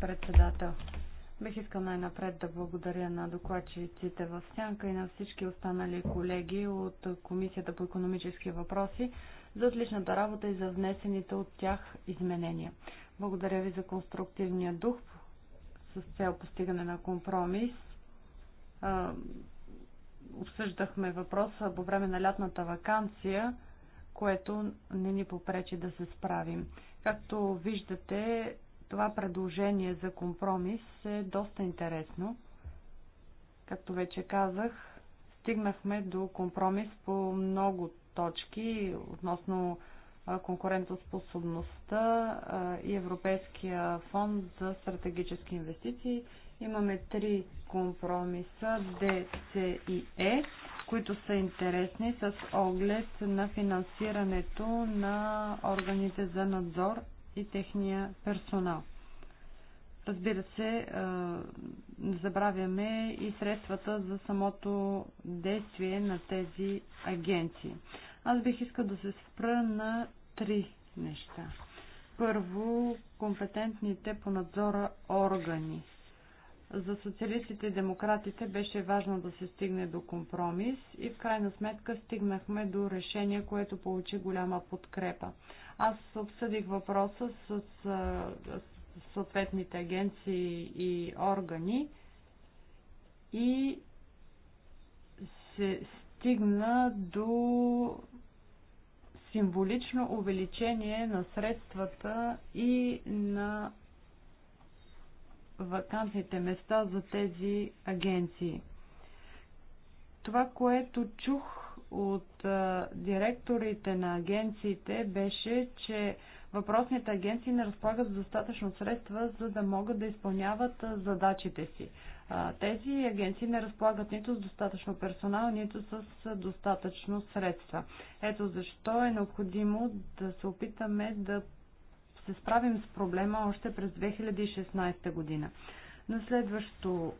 председател. Бих искал най-напред да благодаря на докладчиците в Сянка и на всички останали колеги от Комисията по економически въпроси за отличната работа и за внесените от тях изменения. Благодаря ви за конструктивния дух с цел постигане на компромис. Обсъждахме въпроса по време на лятната вакансия, което не ни попречи да се справим. Както виждате, това предложение за компромис е доста интересно. Както вече казах, стигнахме до компромис по много точки относно конкурентоспособността и Европейския фонд за стратегически инвестиции. Имаме три компромиса D, C и E, които са интересни с оглед на финансирането на органите за надзор и техния персонал. Разбира се, не забравяме и средствата за самото действие на тези агенции. Аз бих искал да се спра на три неща. Първо, компетентните по надзора органи. За социалистите и демократите беше важно да се стигне до компромис и в крайна сметка стигнахме до решение, което получи голяма подкрепа. Аз обсъдих въпроса с съответните агенции и органи и се стигна до символично увеличение на средствата и на вакантните места за тези агенции. Това, което чух от а, директорите на агенциите беше, че въпросните агенции не разполагат с достатъчно средства, за да могат да изпълняват а, задачите си. А, тези агенции не разполагат нито с достатъчно персонал, нито с а, достатъчно средства. Ето защо е необходимо да се опитаме да се справим с проблема още през 2016 година. На следващо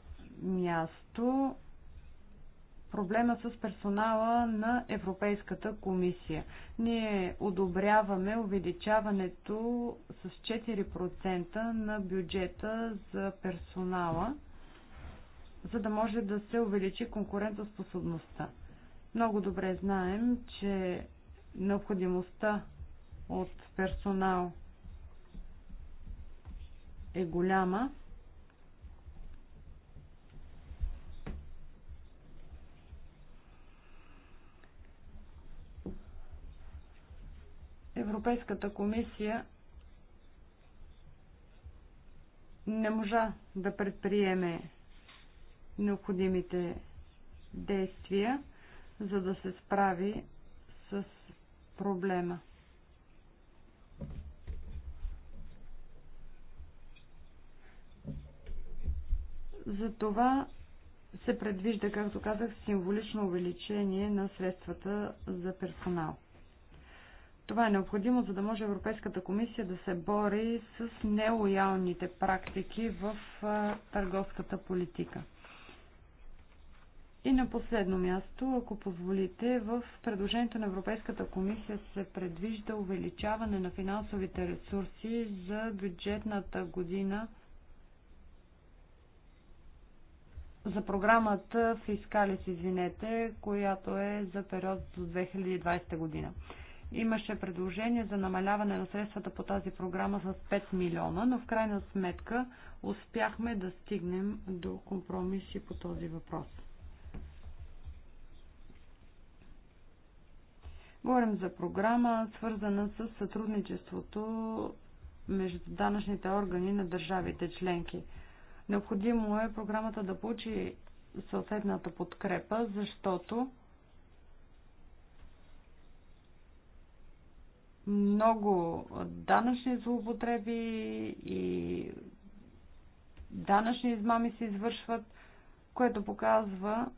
място проблема с персонала на Европейската комисия. Ние одобряваме увеличаването с 4% на бюджета за персонала, за да може да се увеличи конкурентоспособността. Много добре знаем, че необходимостта от персонал е голяма. Европейската комисия не можа да предприеме необходимите действия, за да се справи с проблема. Затова се предвижда, както казах, символично увеличение на средствата за персонал. Това е необходимо, за да може Европейската комисия да се бори с нелоялните практики в търговската политика. И на последно място, ако позволите, в предложението на Европейската комисия се предвижда увеличаване на финансовите ресурси за бюджетната година 2014-2015. за програмата Фискалис, извинете, която е за период до 2020 година. Имаше предложение за намаляване на средствата по тази програма с 5 милиона, но в крайна сметка успяхме да стигнем до компромиси по този въпрос. Говорим за програма, свързана с сътрудничеството между данъчните органи на държавите членки – Необходимо е програмата да получи съответната подкрепа, защото много данъчни злоупотреби и данъчни измами се извършват, което показва,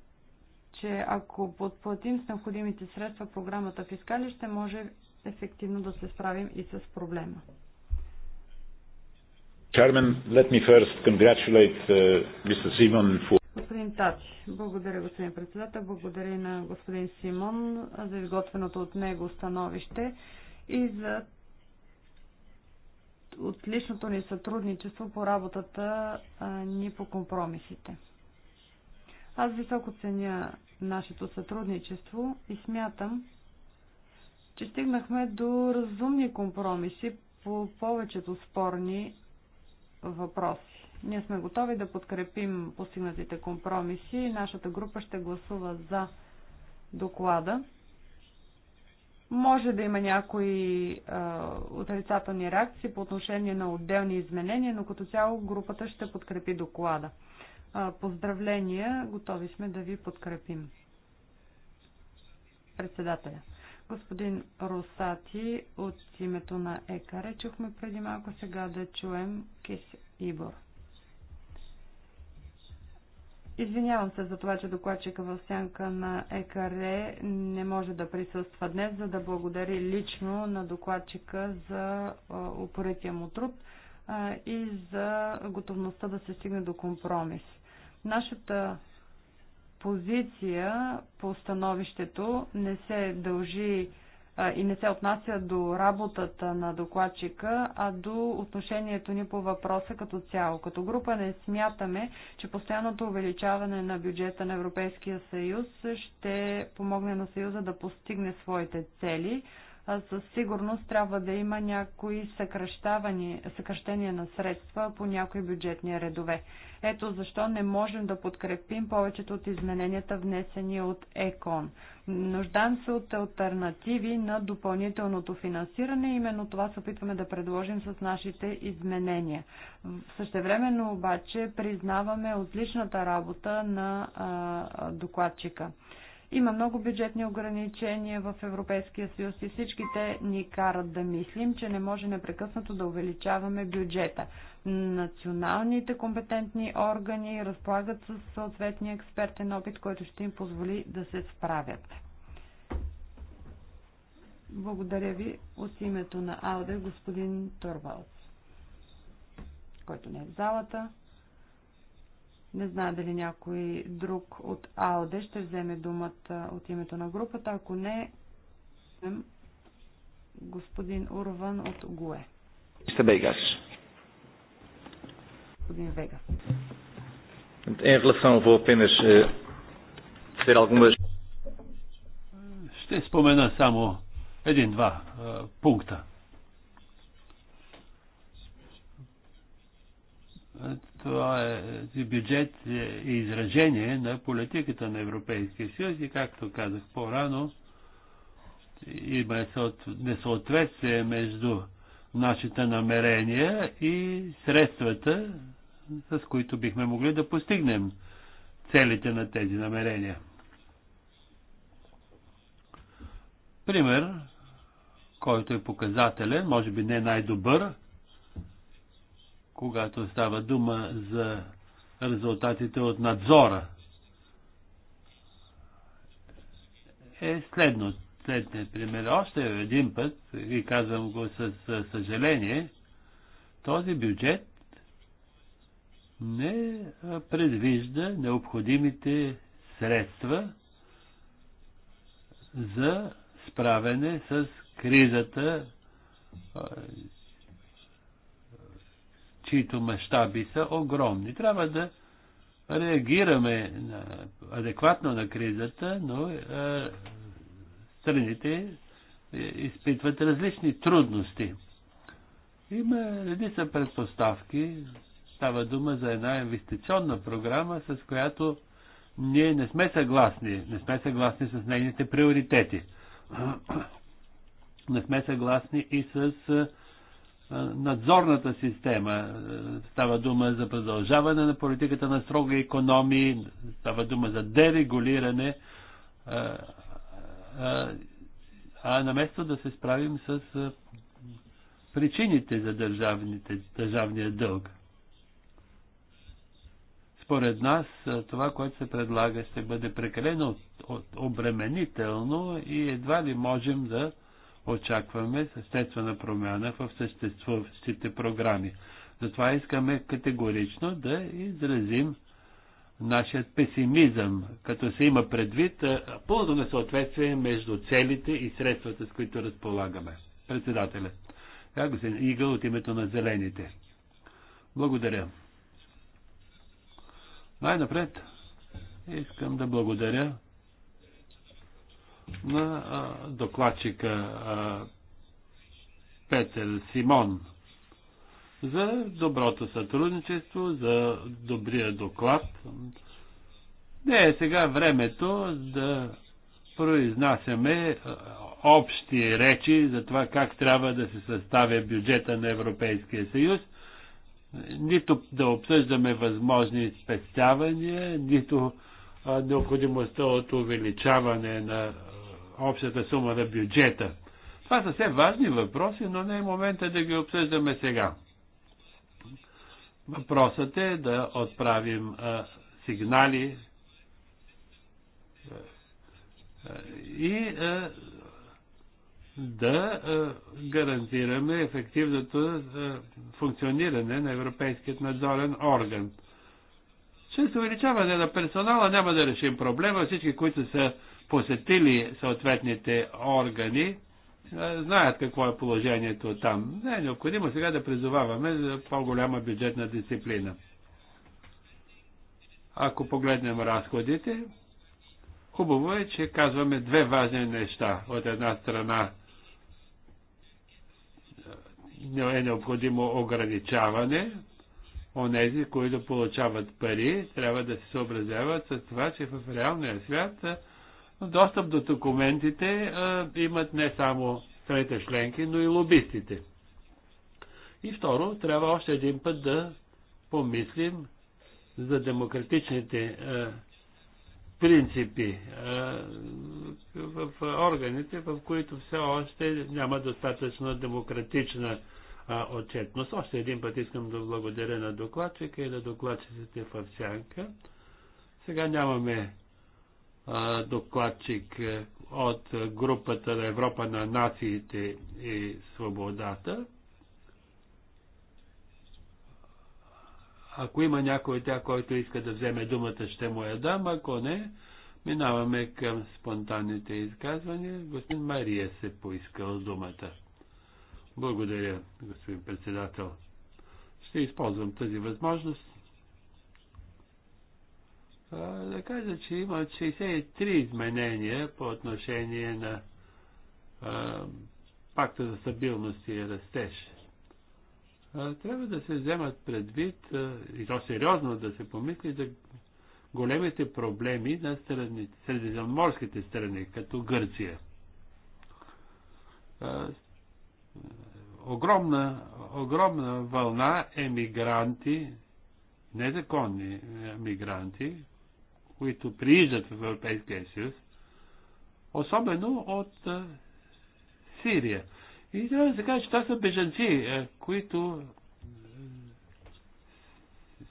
че ако подплатим с необходимите средства програмата Фискали, ще може ефективно да се справим и с проблема.
Chairman, let me first congratulate uh, Mr. Simon for...
Господин Тати, благодаря господин председател, благодаря на господин Симон за изготвеното от него становище и за отличното ни сътрудничество по работата а, ни по компромисите. Аз високо ценя нашето сътрудничество и смятам, че стигнахме до разумни компромиси по повечето спорни въпроси. Ние сме готови да подкрепим постигнатите компромиси нашата група ще гласува за доклада. Може да има някои е, отрицателни реакции по отношение на отделни изменения, но като цяло групата ще подкрепи доклада. Е, поздравления, готови сме да ви подкрепим. Председателя. Господин Росати от името на ЕКАРЕ чухме преди малко, сега да чуем Кис Ибор. Извинявам се за това, че докладчика в сянка на ЕКАРЕ не може да присъства днес, за да благодари лично на докладчика за упорития му труд и за готовността да се стигне до компромис. Нашата позиция по становището не се дължи и не се отнася до работата на докладчика, а до отношението ни по въпроса като цяло. Като група не смятаме, че постоянното увеличаване на бюджета на Европейския съюз ще помогне на съюза да постигне своите цели със сигурност трябва да има някои съкръщения на средства по някои бюджетни редове. Ето защо не можем да подкрепим повечето от измененията внесени от ЕКОН. Нуждаем се от альтернативи на допълнителното финансиране. Именно това се опитваме да предложим с нашите изменения. Същевременно обаче признаваме отличната работа на докладчика. Има много бюджетни ограничения в Европейския съюз и всички те ни карат да мислим, че не може непрекъснато да увеличаваме бюджета. Националните компетентни органи разполагат с съответния експертен опит, който ще им позволи да се справят. Благодаря ви от името на Ауде, господин Торвалц, който не е в залата. Не знае дали някой друг от АОД ще вземе думата от името на групата. Ако не, господин Урван от ГУЕ. Вегас. Господин Вегас.
Em relação, vou apenas
dizer Ще спомена само един-два е, пункта. Е, това е, е, бюджет е изражение на политиката на Европейския съюз и както казах по-рано, има несъответствие между нашите намерения и средствата, с които бихме могли да постигнем целите на тези намерения. Пример, който е показателен, може би не най-добър, когато става дума за резултатите от надзора, е следно. Следният пример. Още един път, и казвам го с съжаление, този бюджет не предвижда необходимите средства за справяне с кризата, чието мащаби са огромни. Трябва да реагираме на, адекватно на кризата, но а, е, страните изпитват различни трудности. Има редица предпоставки. Става дума за една инвестиционна програма, с която ние не сме съгласни. Не сме съгласни с нейните приоритети. Не сме съгласни и с надзорната система. Става дума за продължаване на политиката на строга економии, става дума за дерегулиране, а на место да се справим с причините за държавните, държавния дълг. Според нас това, което се предлага, ще бъде прекалено обременително и едва ли можем да очакваме съществена промяна в съществуващите програми. Затова искаме категорично да изразим нашият песимизъм, като се има предвид пълно несъответствие между целите и средствата, с които разполагаме. Председателя. Как се игъл от името на зелените? Благодаря. Най-напред искам да благодаря на докладчика Петър Симон за доброто сътрудничество, за добрия доклад. Не е сега времето да произнасяме общи речи за това как трябва да се съставя бюджета на Европейския съюз, нито да обсъждаме възможни спестявания, нито необходимостта от увеличаване на общата сума на бюджета. Това са все важни въпроси, но не е момента да ги обсъждаме сега. Въпросът е да отправим а, сигнали и а, да а, гарантираме ефективното а, функциониране на Европейският надзорен орган. Чрез увеличаване на персонала няма да решим проблема. Всички, които са посетили съответните органи, знаят какво е положението там. Не е необходимо сега да призоваваме за по-голяма бюджетна дисциплина. Ако погледнем разходите, хубаво е, че казваме две важни неща. От една страна е необходимо ограничаване. Онези, които получават пари, трябва да се съобразяват с това, че в реалния свят Достъп до документите имат не само страните членки, но и лобистите. И второ, трябва още един път да помислим за демократичните принципи в органите, в които все още няма достатъчно демократична отчетност. Още един път искам да благодаря на докладчика и на докладчиците в Сянка. Сега нямаме докладчик е, от групата на Европа на нациите и свободата. Ако има някой от тях, който иска да вземе думата, ще му я дам. Ако не, минаваме към спонтанните изказвания. Господин Мария се поискал думата. Благодаря, господин председател. Ще използвам тази възможност да кажа, че има 63 изменения по отношение на а, пакта за стабилност и растеж. А, трябва да се вземат предвид, а, и то сериозно да се помисли за големите проблеми на страни, средиземноморските страни, като Гърция. А, огромна, огромна вълна емигранти, незаконни мигранти, които прииждат в Европейския съюз, особено от а, Сирия. И трябва да се каже, че това са бежанци, а, които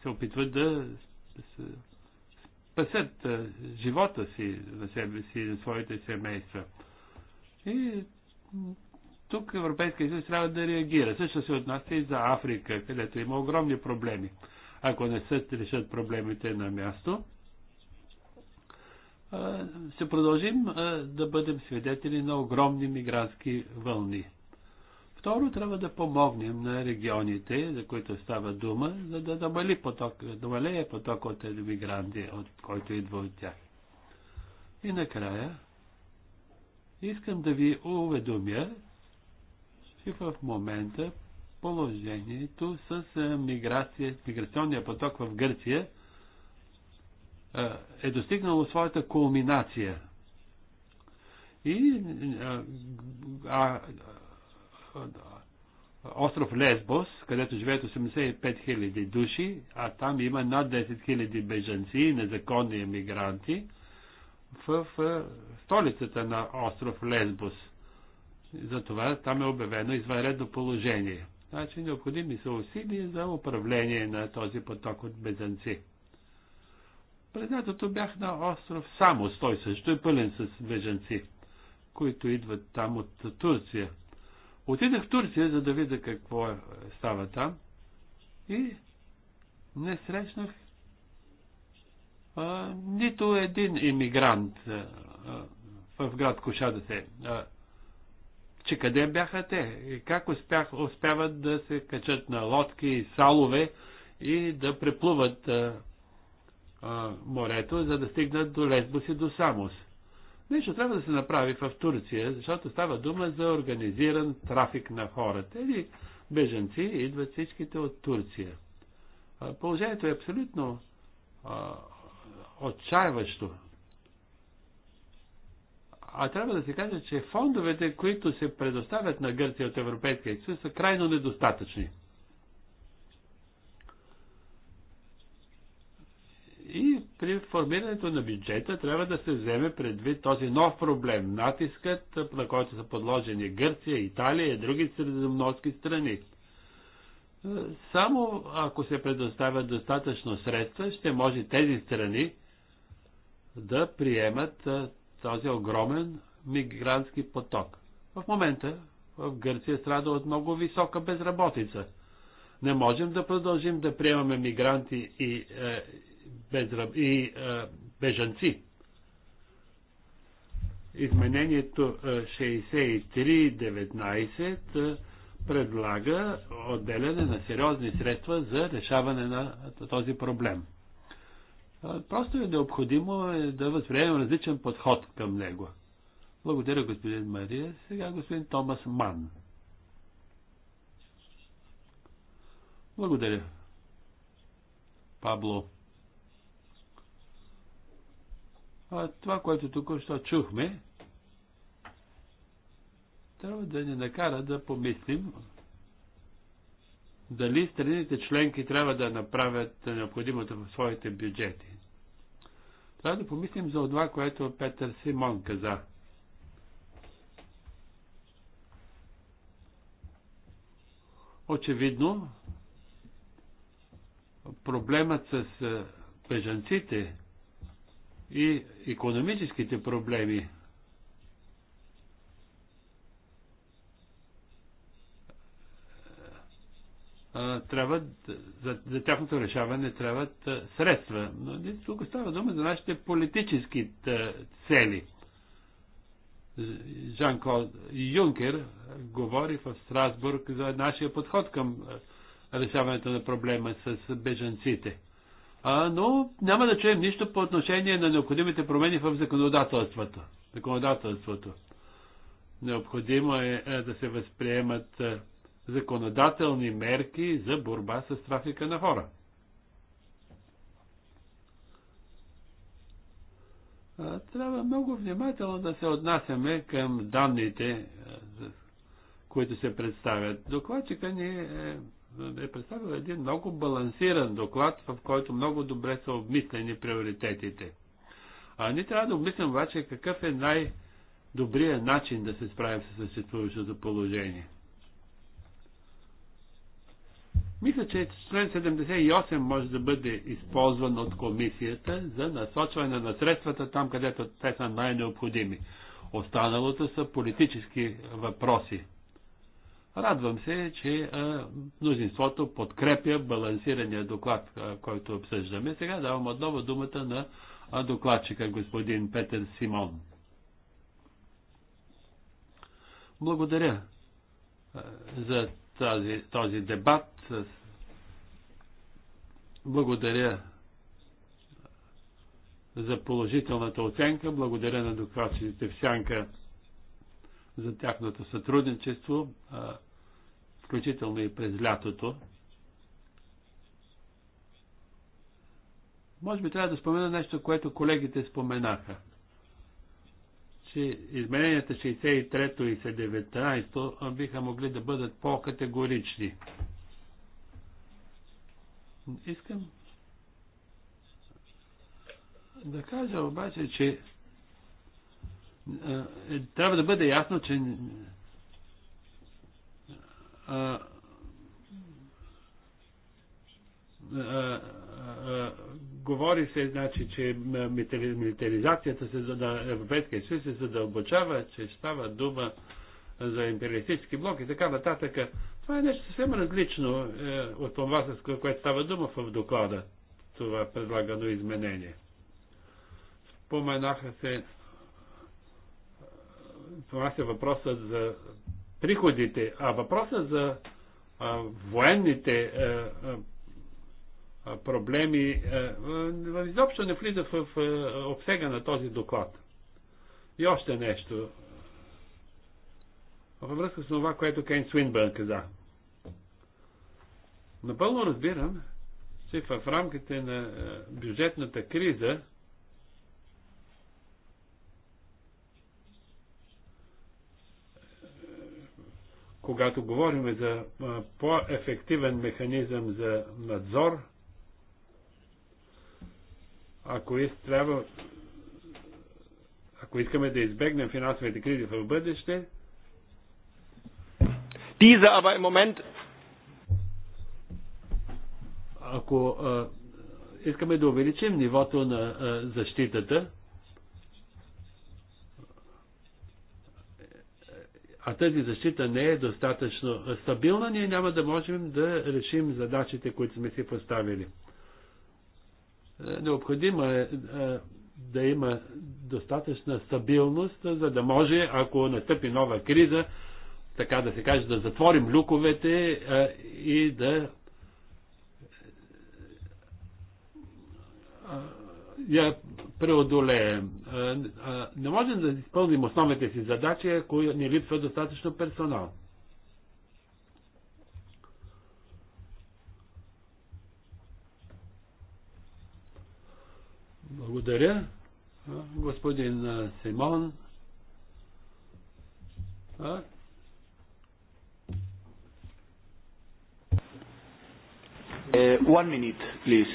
се опитват да спасят а, живота си на себе си и на своите семейства. И тук Европейския съюз трябва да реагира. Също се отнася и за Африка, където има огромни проблеми. Ако не се решат проблемите на място, ще продължим да бъдем свидетели на огромни мигрантски вълни. Второ, трябва да помогнем на регионите, за които става дума, за да намали поток, да намалее поток от мигранти, от който идва от тях. И накрая, искам да ви уведомя, че в момента положението с миграция, миграционния поток в Гърция – е достигнало своята кулминация. И а, а, остров Лесбос, където живеят 85 000 души, а там има над 10 000 бежанци, незаконни емигранти, в, в столицата на остров Лесбос. Затова там е обявено извънредно положение. Значи необходими са усилия за управление на този поток от бежанци. През лятото бях на остров Самос, той също е пълен с бежанци, които идват там от Турция. Отидах в Турция, за да видя какво е, става там и не срещнах а, нито един иммигрант а, в град Кошадате. А, че къде бяха те и как успях, успяват да се качат на лодки и салове и да преплуват а, морето, за да стигнат до Лесбос и до Самос. Нещо трябва да се направи в Турция, защото става дума за организиран трафик на хората или беженци идват всичките от Турция. Положението е абсолютно а, отчаиващо. А трябва да се каже, че фондовете, които се предоставят на Гърция от Европейския съюз, са крайно недостатъчни. при формирането на бюджета трябва да се вземе предвид този нов проблем, натискът, на който са подложени Гърция, Италия и други средиземноморски страни. Само ако се предоставят достатъчно средства, ще може тези страни да приемат този огромен мигрантски поток. В момента в Гърция страда от много висока безработица. Не можем да продължим да приемаме мигранти и е, безраб... и а, бежанци. Изменението 63.19 предлага отделяне на сериозни средства за решаване на този проблем. Просто е необходимо е, да възприемем различен подход към него. Благодаря, господин Мария. Сега господин Томас Ман. Благодаря. Пабло. това, което тук що чухме, трябва да ни накара да помислим дали страните членки трябва да направят необходимото в своите бюджети. Трябва да помислим за това, което Петър Симон каза. Очевидно, проблемът с бежанците и економическите проблеми. трябва, за, за тяхното решаване трябват средства. Но тук става дума за нашите политически цели. Жан-Клод Юнкер говори в Страсбург за нашия подход към решаването на проблема с бежанците а, но няма да чуем нищо по отношение на необходимите промени в законодателството. законодателството. Необходимо е, е да се възприемат е, законодателни мерки за борба с трафика на хора. трябва много внимателно да се отнасяме към данните, е, които се представят. Докладчика ни е е представил един много балансиран доклад, в който много добре са обмислени приоритетите. А ние трябва да обмислим обаче какъв е най-добрият начин да се справим с съществуващото положение. Мисля, че член 78 може да бъде използван от комисията за насочване на средствата там, където те са най-необходими. Останалото са политически въпроси. Радвам се, че мнозинството подкрепя балансирания доклад, а, който обсъждаме. Сега давам отново думата на а, докладчика господин Петър Симон. Благодаря а, за тази, този дебат. Благодаря за положителната оценка. Благодаря на докладчиците в Сянка за тяхното сътрудничество, включително и през лятото. Може би трябва да спомена нещо, което колегите споменаха. Че измененията 63 и 19 биха могли да бъдат по-категорични. Искам да кажа обаче, че е, трябва да бъде ясно, че говори се, значи, че милитаризацията на Европейския съюз се задълбочава, че става дума за империалистически блок и така нататък. Това е нещо съвсем различно е, от това, с което става дума в доклада, това предлагано изменение. Споменаха се това се въпроса за приходите, а въпроса за а, военните а, е, а, е, проблеми а, е, изобщо не влиза в обсега на този доклад. И още нещо. Във връзка с това, което Кейн Свинбърн каза. Напълно разбирам, че в рамките на бюджетната криза когато говорим за по-ефективен механизъм за надзор, ако трябва ако искаме да избегнем финансовите кризи в бъдеще,
Diese aber im Moment
ако а, искаме да увеличим нивото на а, защитата, а тази защита не е достатъчно стабилна, ние няма да можем да решим задачите, които сме си поставили. Е, необходимо е, е да има достатъчна стабилност, за да може, ако настъпи нова криза, така да се каже, да затворим люковете е, и да я преодолеем. Е, е, не можем да изпълним основните си задачи, ако ни липсва достатъчно персонал. Благодаря, е, господин Симон. Uh, One minute, please.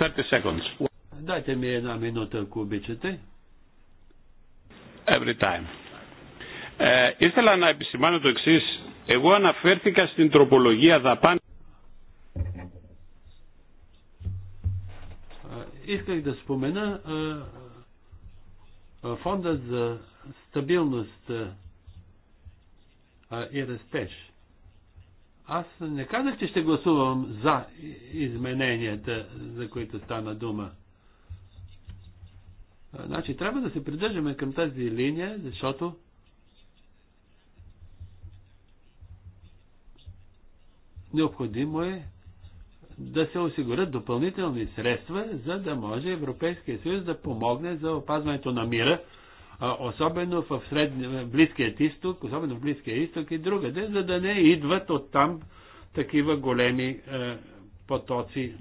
30 seconds. Дайте ми една минута, ако обичате. Every time. Ε, е, ήθελα να επισημάνω το εξή. Εγώ αναφέρθηκα στην τροπολογία δαπάνη. Е, исках да спомена е, фонда за стабилност и растеж. Аз не казах, че ще гласувам за измененията, за които стана дума. Значи трябва да се придържаме към тази линия, защото необходимо е да се осигурят допълнителни средства, за да може Европейския съюз да помогне за опазването на мира, особено в средни, Близкият изток, особено в Близкия изток и другаде, за да не идват от там такива големи е, потоци е,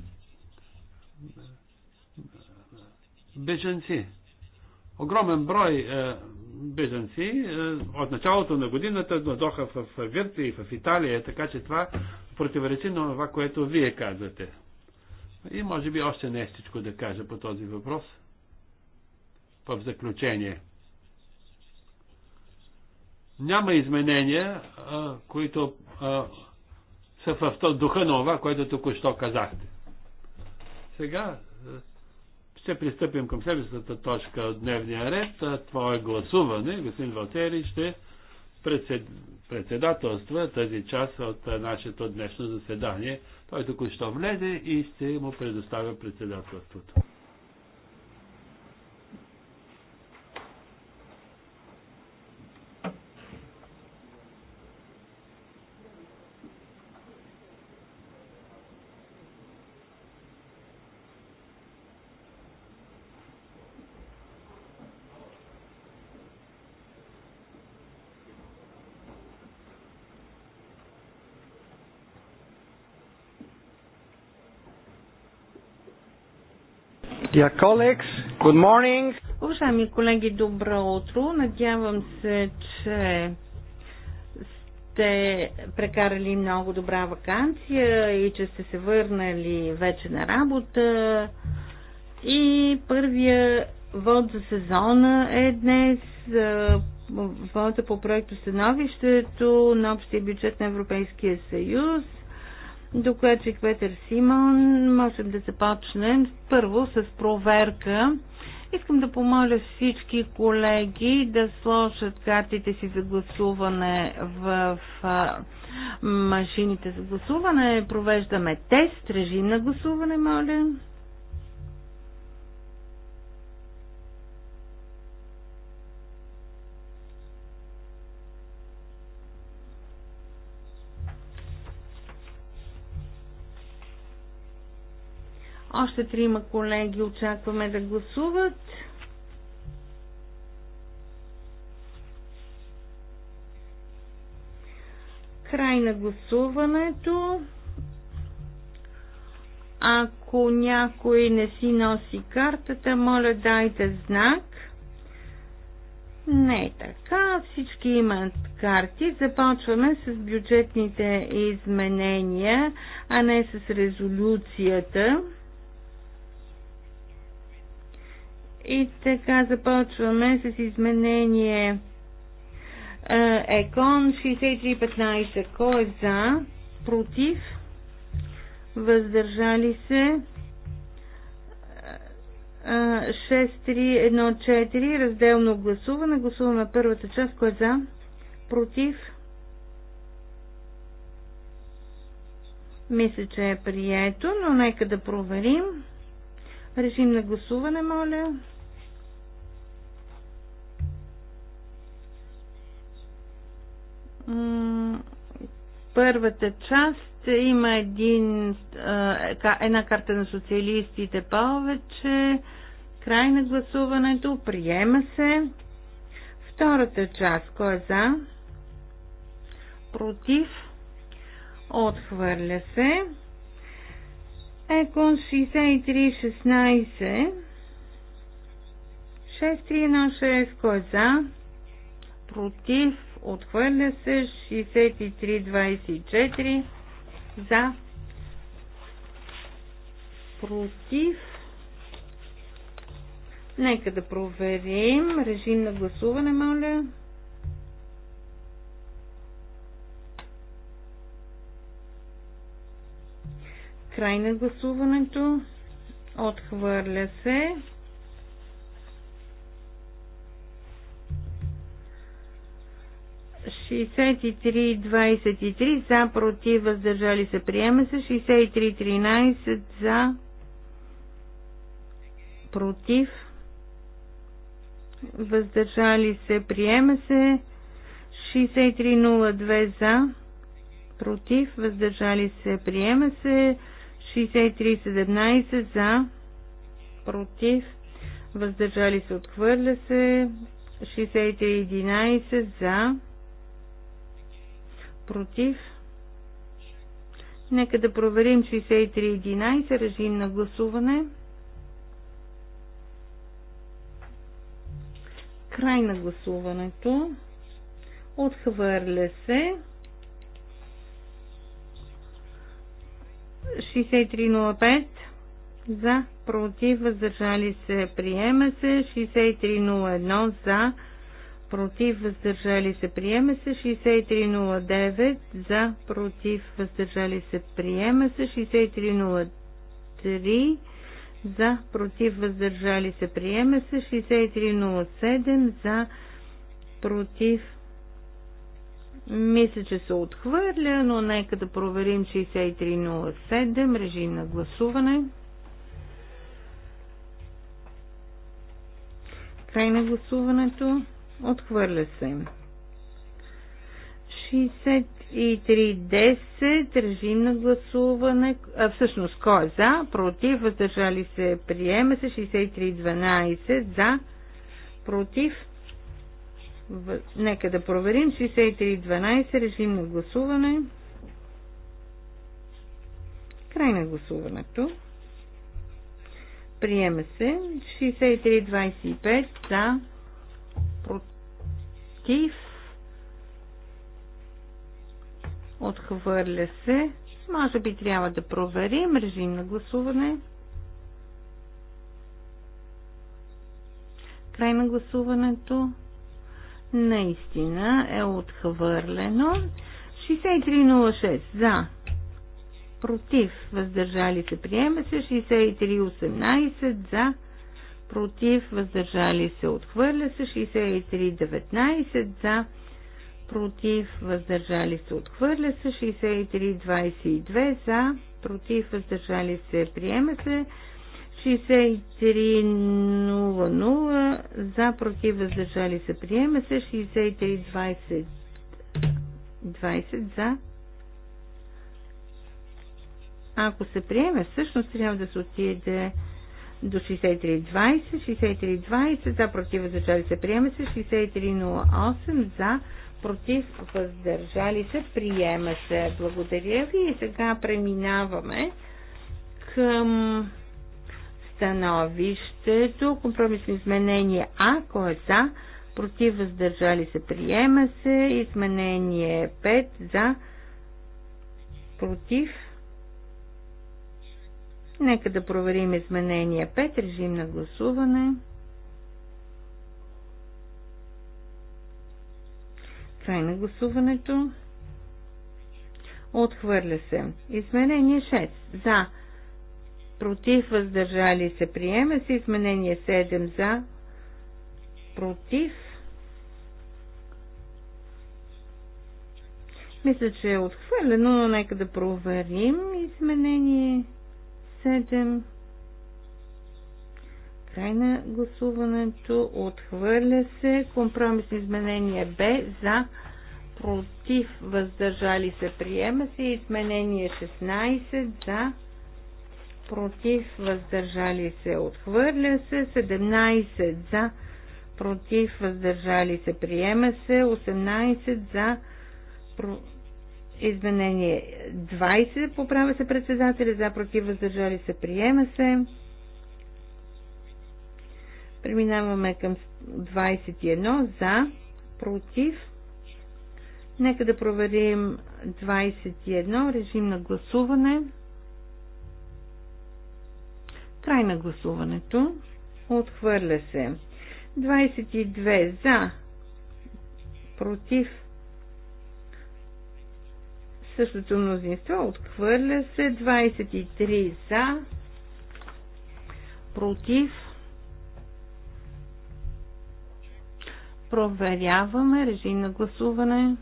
бежанци. Огромен брой е, е, от началото на годината дойдоха в Гърция и в Италия, така че това противоречи на това, което вие казвате. И може би още нещичко да кажа по този въпрос в заключение. Няма изменения, е, които е, са в духа на това, което току-що казахте. Сега ще пристъпим към следващата точка от дневния ред. Това е гласуване. Господин Валтери ще председ... председателства тази част от нашето днешно заседание. Той току-що влезе и ще му предоставя председателството.
Dear colleagues, good morning. Уважаеми колеги, добро утро. Надявам се, че сте прекарали много добра вакансия и че сте се върнали вече на работа. И първия вод за сезона е днес вода по проекто Становището на общия бюджет на Европейския съюз Докладчик Петър Симон, можем да започнем първо с проверка. Искам да помоля всички колеги да сложат картите си за гласуване в машините за гласуване. Провеждаме тест, режим на гласуване, моля. Още трима колеги очакваме да гласуват. Край на гласуването. Ако някой не си носи картата, моля дайте знак. Не е така. Всички имат карти. Започваме с бюджетните изменения, а не с резолюцията. И така започваме с изменение е, ЕКОН 6315. Кой е за? Против? Въздържали се? 6314. Е, е, Разделно гласуване. Гласуваме първата част. Кой е за? Против? Мисля, че е прието, но нека да проверим. Режим на гласуване, моля. първата част има един, една карта на социалистите повече. Край на гласуването. Приема се. Втората част. Кой е за? Против. Отхвърля се. Екон 16 6316. Кой е за? Против отхвърля се 63-24 за против нека да проверим режим на гласуване моля край на гласуването отхвърля се 63-23 за, против, въздържали се, приема се. 63-13 за, против, въздържали се, приема се. 63-02 за, против, въздържали се, приема се. 63-17 за, против, въздържали се, отхвърля се. 63-11 за, против. Нека да проверим 63.11, режим на гласуване. Край на гласуването. Отхвърля се. 63.05 за, против, въздържали се, приема се. 63.01 за, против, въздържали се, приема се 6309 за, против, въздържали се, приема се 6303 за, против, въздържали се, приема се 6307 за, против, мисля, че се отхвърля, но нека да проверим 6307, режим на гласуване. Край на гласуването. Отхвърля се. 6310 режим на гласуване. А, всъщност, кой е за? Против, въздържали се, приема се. 6312 за, против. В... Нека да проверим. 6312 режим на гласуване. Край на гласуването. Приема се. 6325 за против, отхвърля се. Може би трябва да проверим режим на гласуване. Край на гласуването наистина е отхвърлено. 6306 за, против, въздържали се, приема се. 6318 за, против, въздържали се, отхвърля се, 63-19 за, против, въздържали се, отхвърля се, 63-22 за, против, въздържали се, приема се, 63-00 за, против, въздържали се, приема се, 63-20 за, ако се приеме, всъщност трябва да се отиде до 63.20, 63.20 за против въздържали се приема се, 63.08 за против въздържали се приема се. Благодаря ви и сега преминаваме към становището. Компромисно изменение А, кой е за, против въздържали се приема се, изменение 5 за против Нека да проверим изменение 5, режим на гласуване. Край на гласуването. Отхвърля се. Изменение 6. За. Против въздържали се. Приема се. Изменение 7. За. Против. Мисля, че е отхвърлено, но нека да проверим изменение 7. Край на гласуването. Отхвърля се. Компромисни изменение Б за против въздържали се приема се. Изменение 16 за против въздържали се. Отхвърля се. 17 за против въздържали се. Приема се. 18 за против Изменение 20 поправя се председателя за против въздържали се приема се. Преминаваме към 21 за против. Нека да проверим 21 режим на гласуване. Край на гласуването. Отхвърля се. 22 за против същото мнозинство. Отхвърля се 23 за, против. Проверяваме режим на гласуване.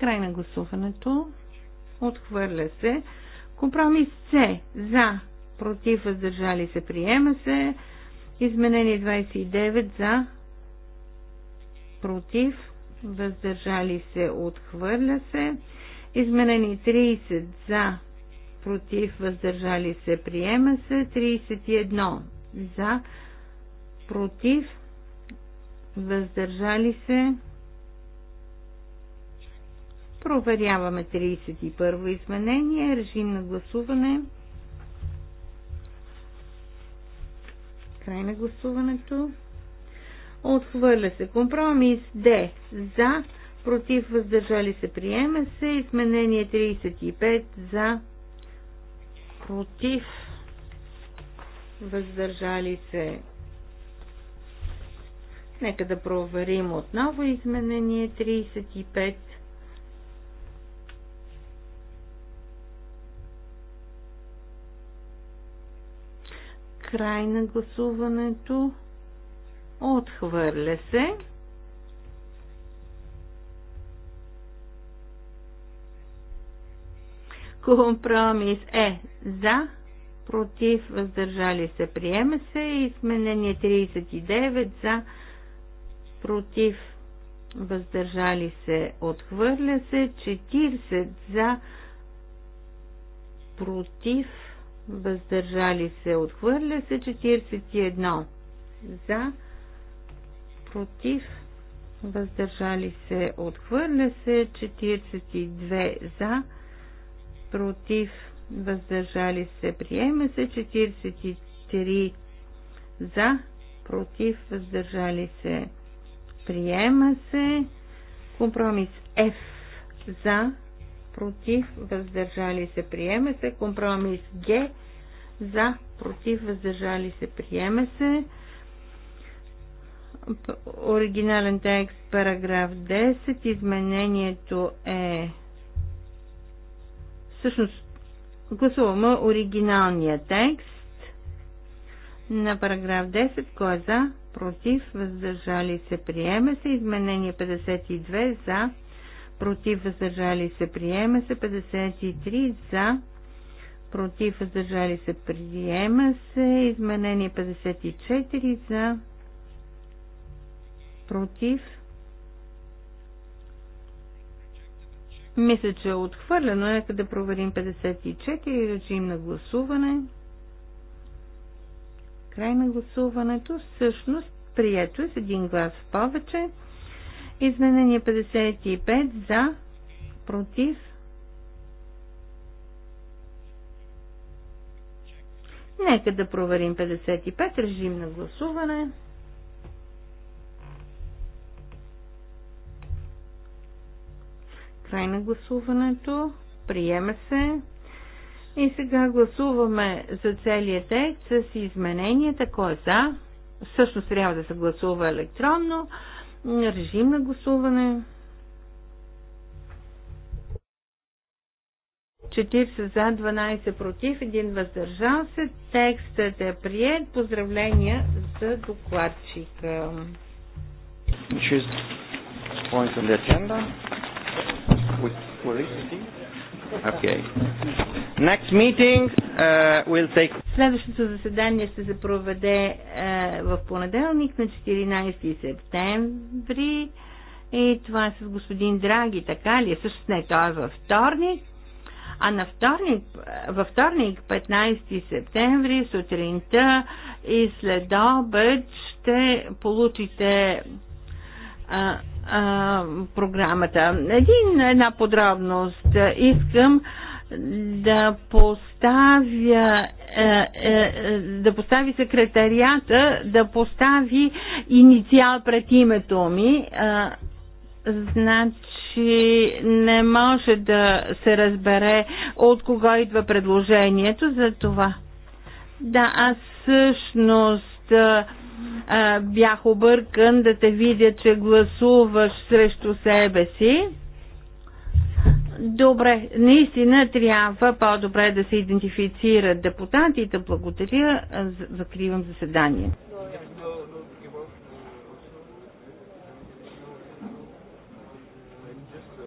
Край на гласуването. Отхвърля се. Компромис С. За. Против. Въздържали се. Приема се. Изменение 29. За. Против въздържали се, отхвърля се. Изменени 30 за, против, въздържали се, приема се. 31 за, против, въздържали се. Проверяваме 31 изменение, режим на гласуване. Край на гласуването. Отхвърля се. Компромис Д. За. Против въздържали се. Приема се. Изменение 35. За. Против въздържали се. Нека да проверим отново изменение 35. Край на гласуването. Отхвърля се. Компромис е за, против, въздържали се, приема се. Изменение 39 за, против, въздържали се, отхвърля се. 40 за, против, въздържали се, отхвърля се. 41 за, против, против, въздържали се, отхвърля се, 42 за, против, въздържали се, приема се, 43 за, против, въздържали се, приема се, компромис F за, против, въздържали се, приема се, компромис Г за, против, въздържали се, приема се, Оригинален текст, параграф 10. Изменението е... Всъщност, гласуваме оригиналния текст на параграф 10. Кой е за? Против? Въздържали се? Приема се. Изменение 52. За? Против? Въздържали се? Приема се. 53. За? Против? Въздържали се? Приема се. Изменение 54. За? против. Мисля, че е отхвърлено. Нека да проверим 54 режим на гласуване. Край на гласуването. Всъщност, прието е с един глас в повече. Изменение 55 за, против. Нека да проверим 55 режим на гласуване. Край на гласуването. Приема се. И сега гласуваме за целият текст с измененията. Кой е за? Всъщност трябва да се гласува електронно. Режим на гласуване. 40 за, 12 против, 1 въздържал се. Текстът е прият. Поздравления за докладчика. Which is point on the agenda. Uh, Следващото заседание ще се проведе е, в понеделник на 14 септември и това е с господин Драги, така ли? Е? Също не, той е във вторник. А на вторник, е, във вторник, 15 септември, сутринта и след обед ще получите а, а, програмата. Един, една подробност. Искам да поставя е, е, да постави секретарията, да постави инициал пред името ми. Значи не може да се разбере от кого идва предложението за това. Да, аз всъщност е, бях объркан да те видя, че гласуваш срещу себе си. Добре, наистина трябва по-добре да се идентифицират депутатите. Благодаря. Закривам заседание.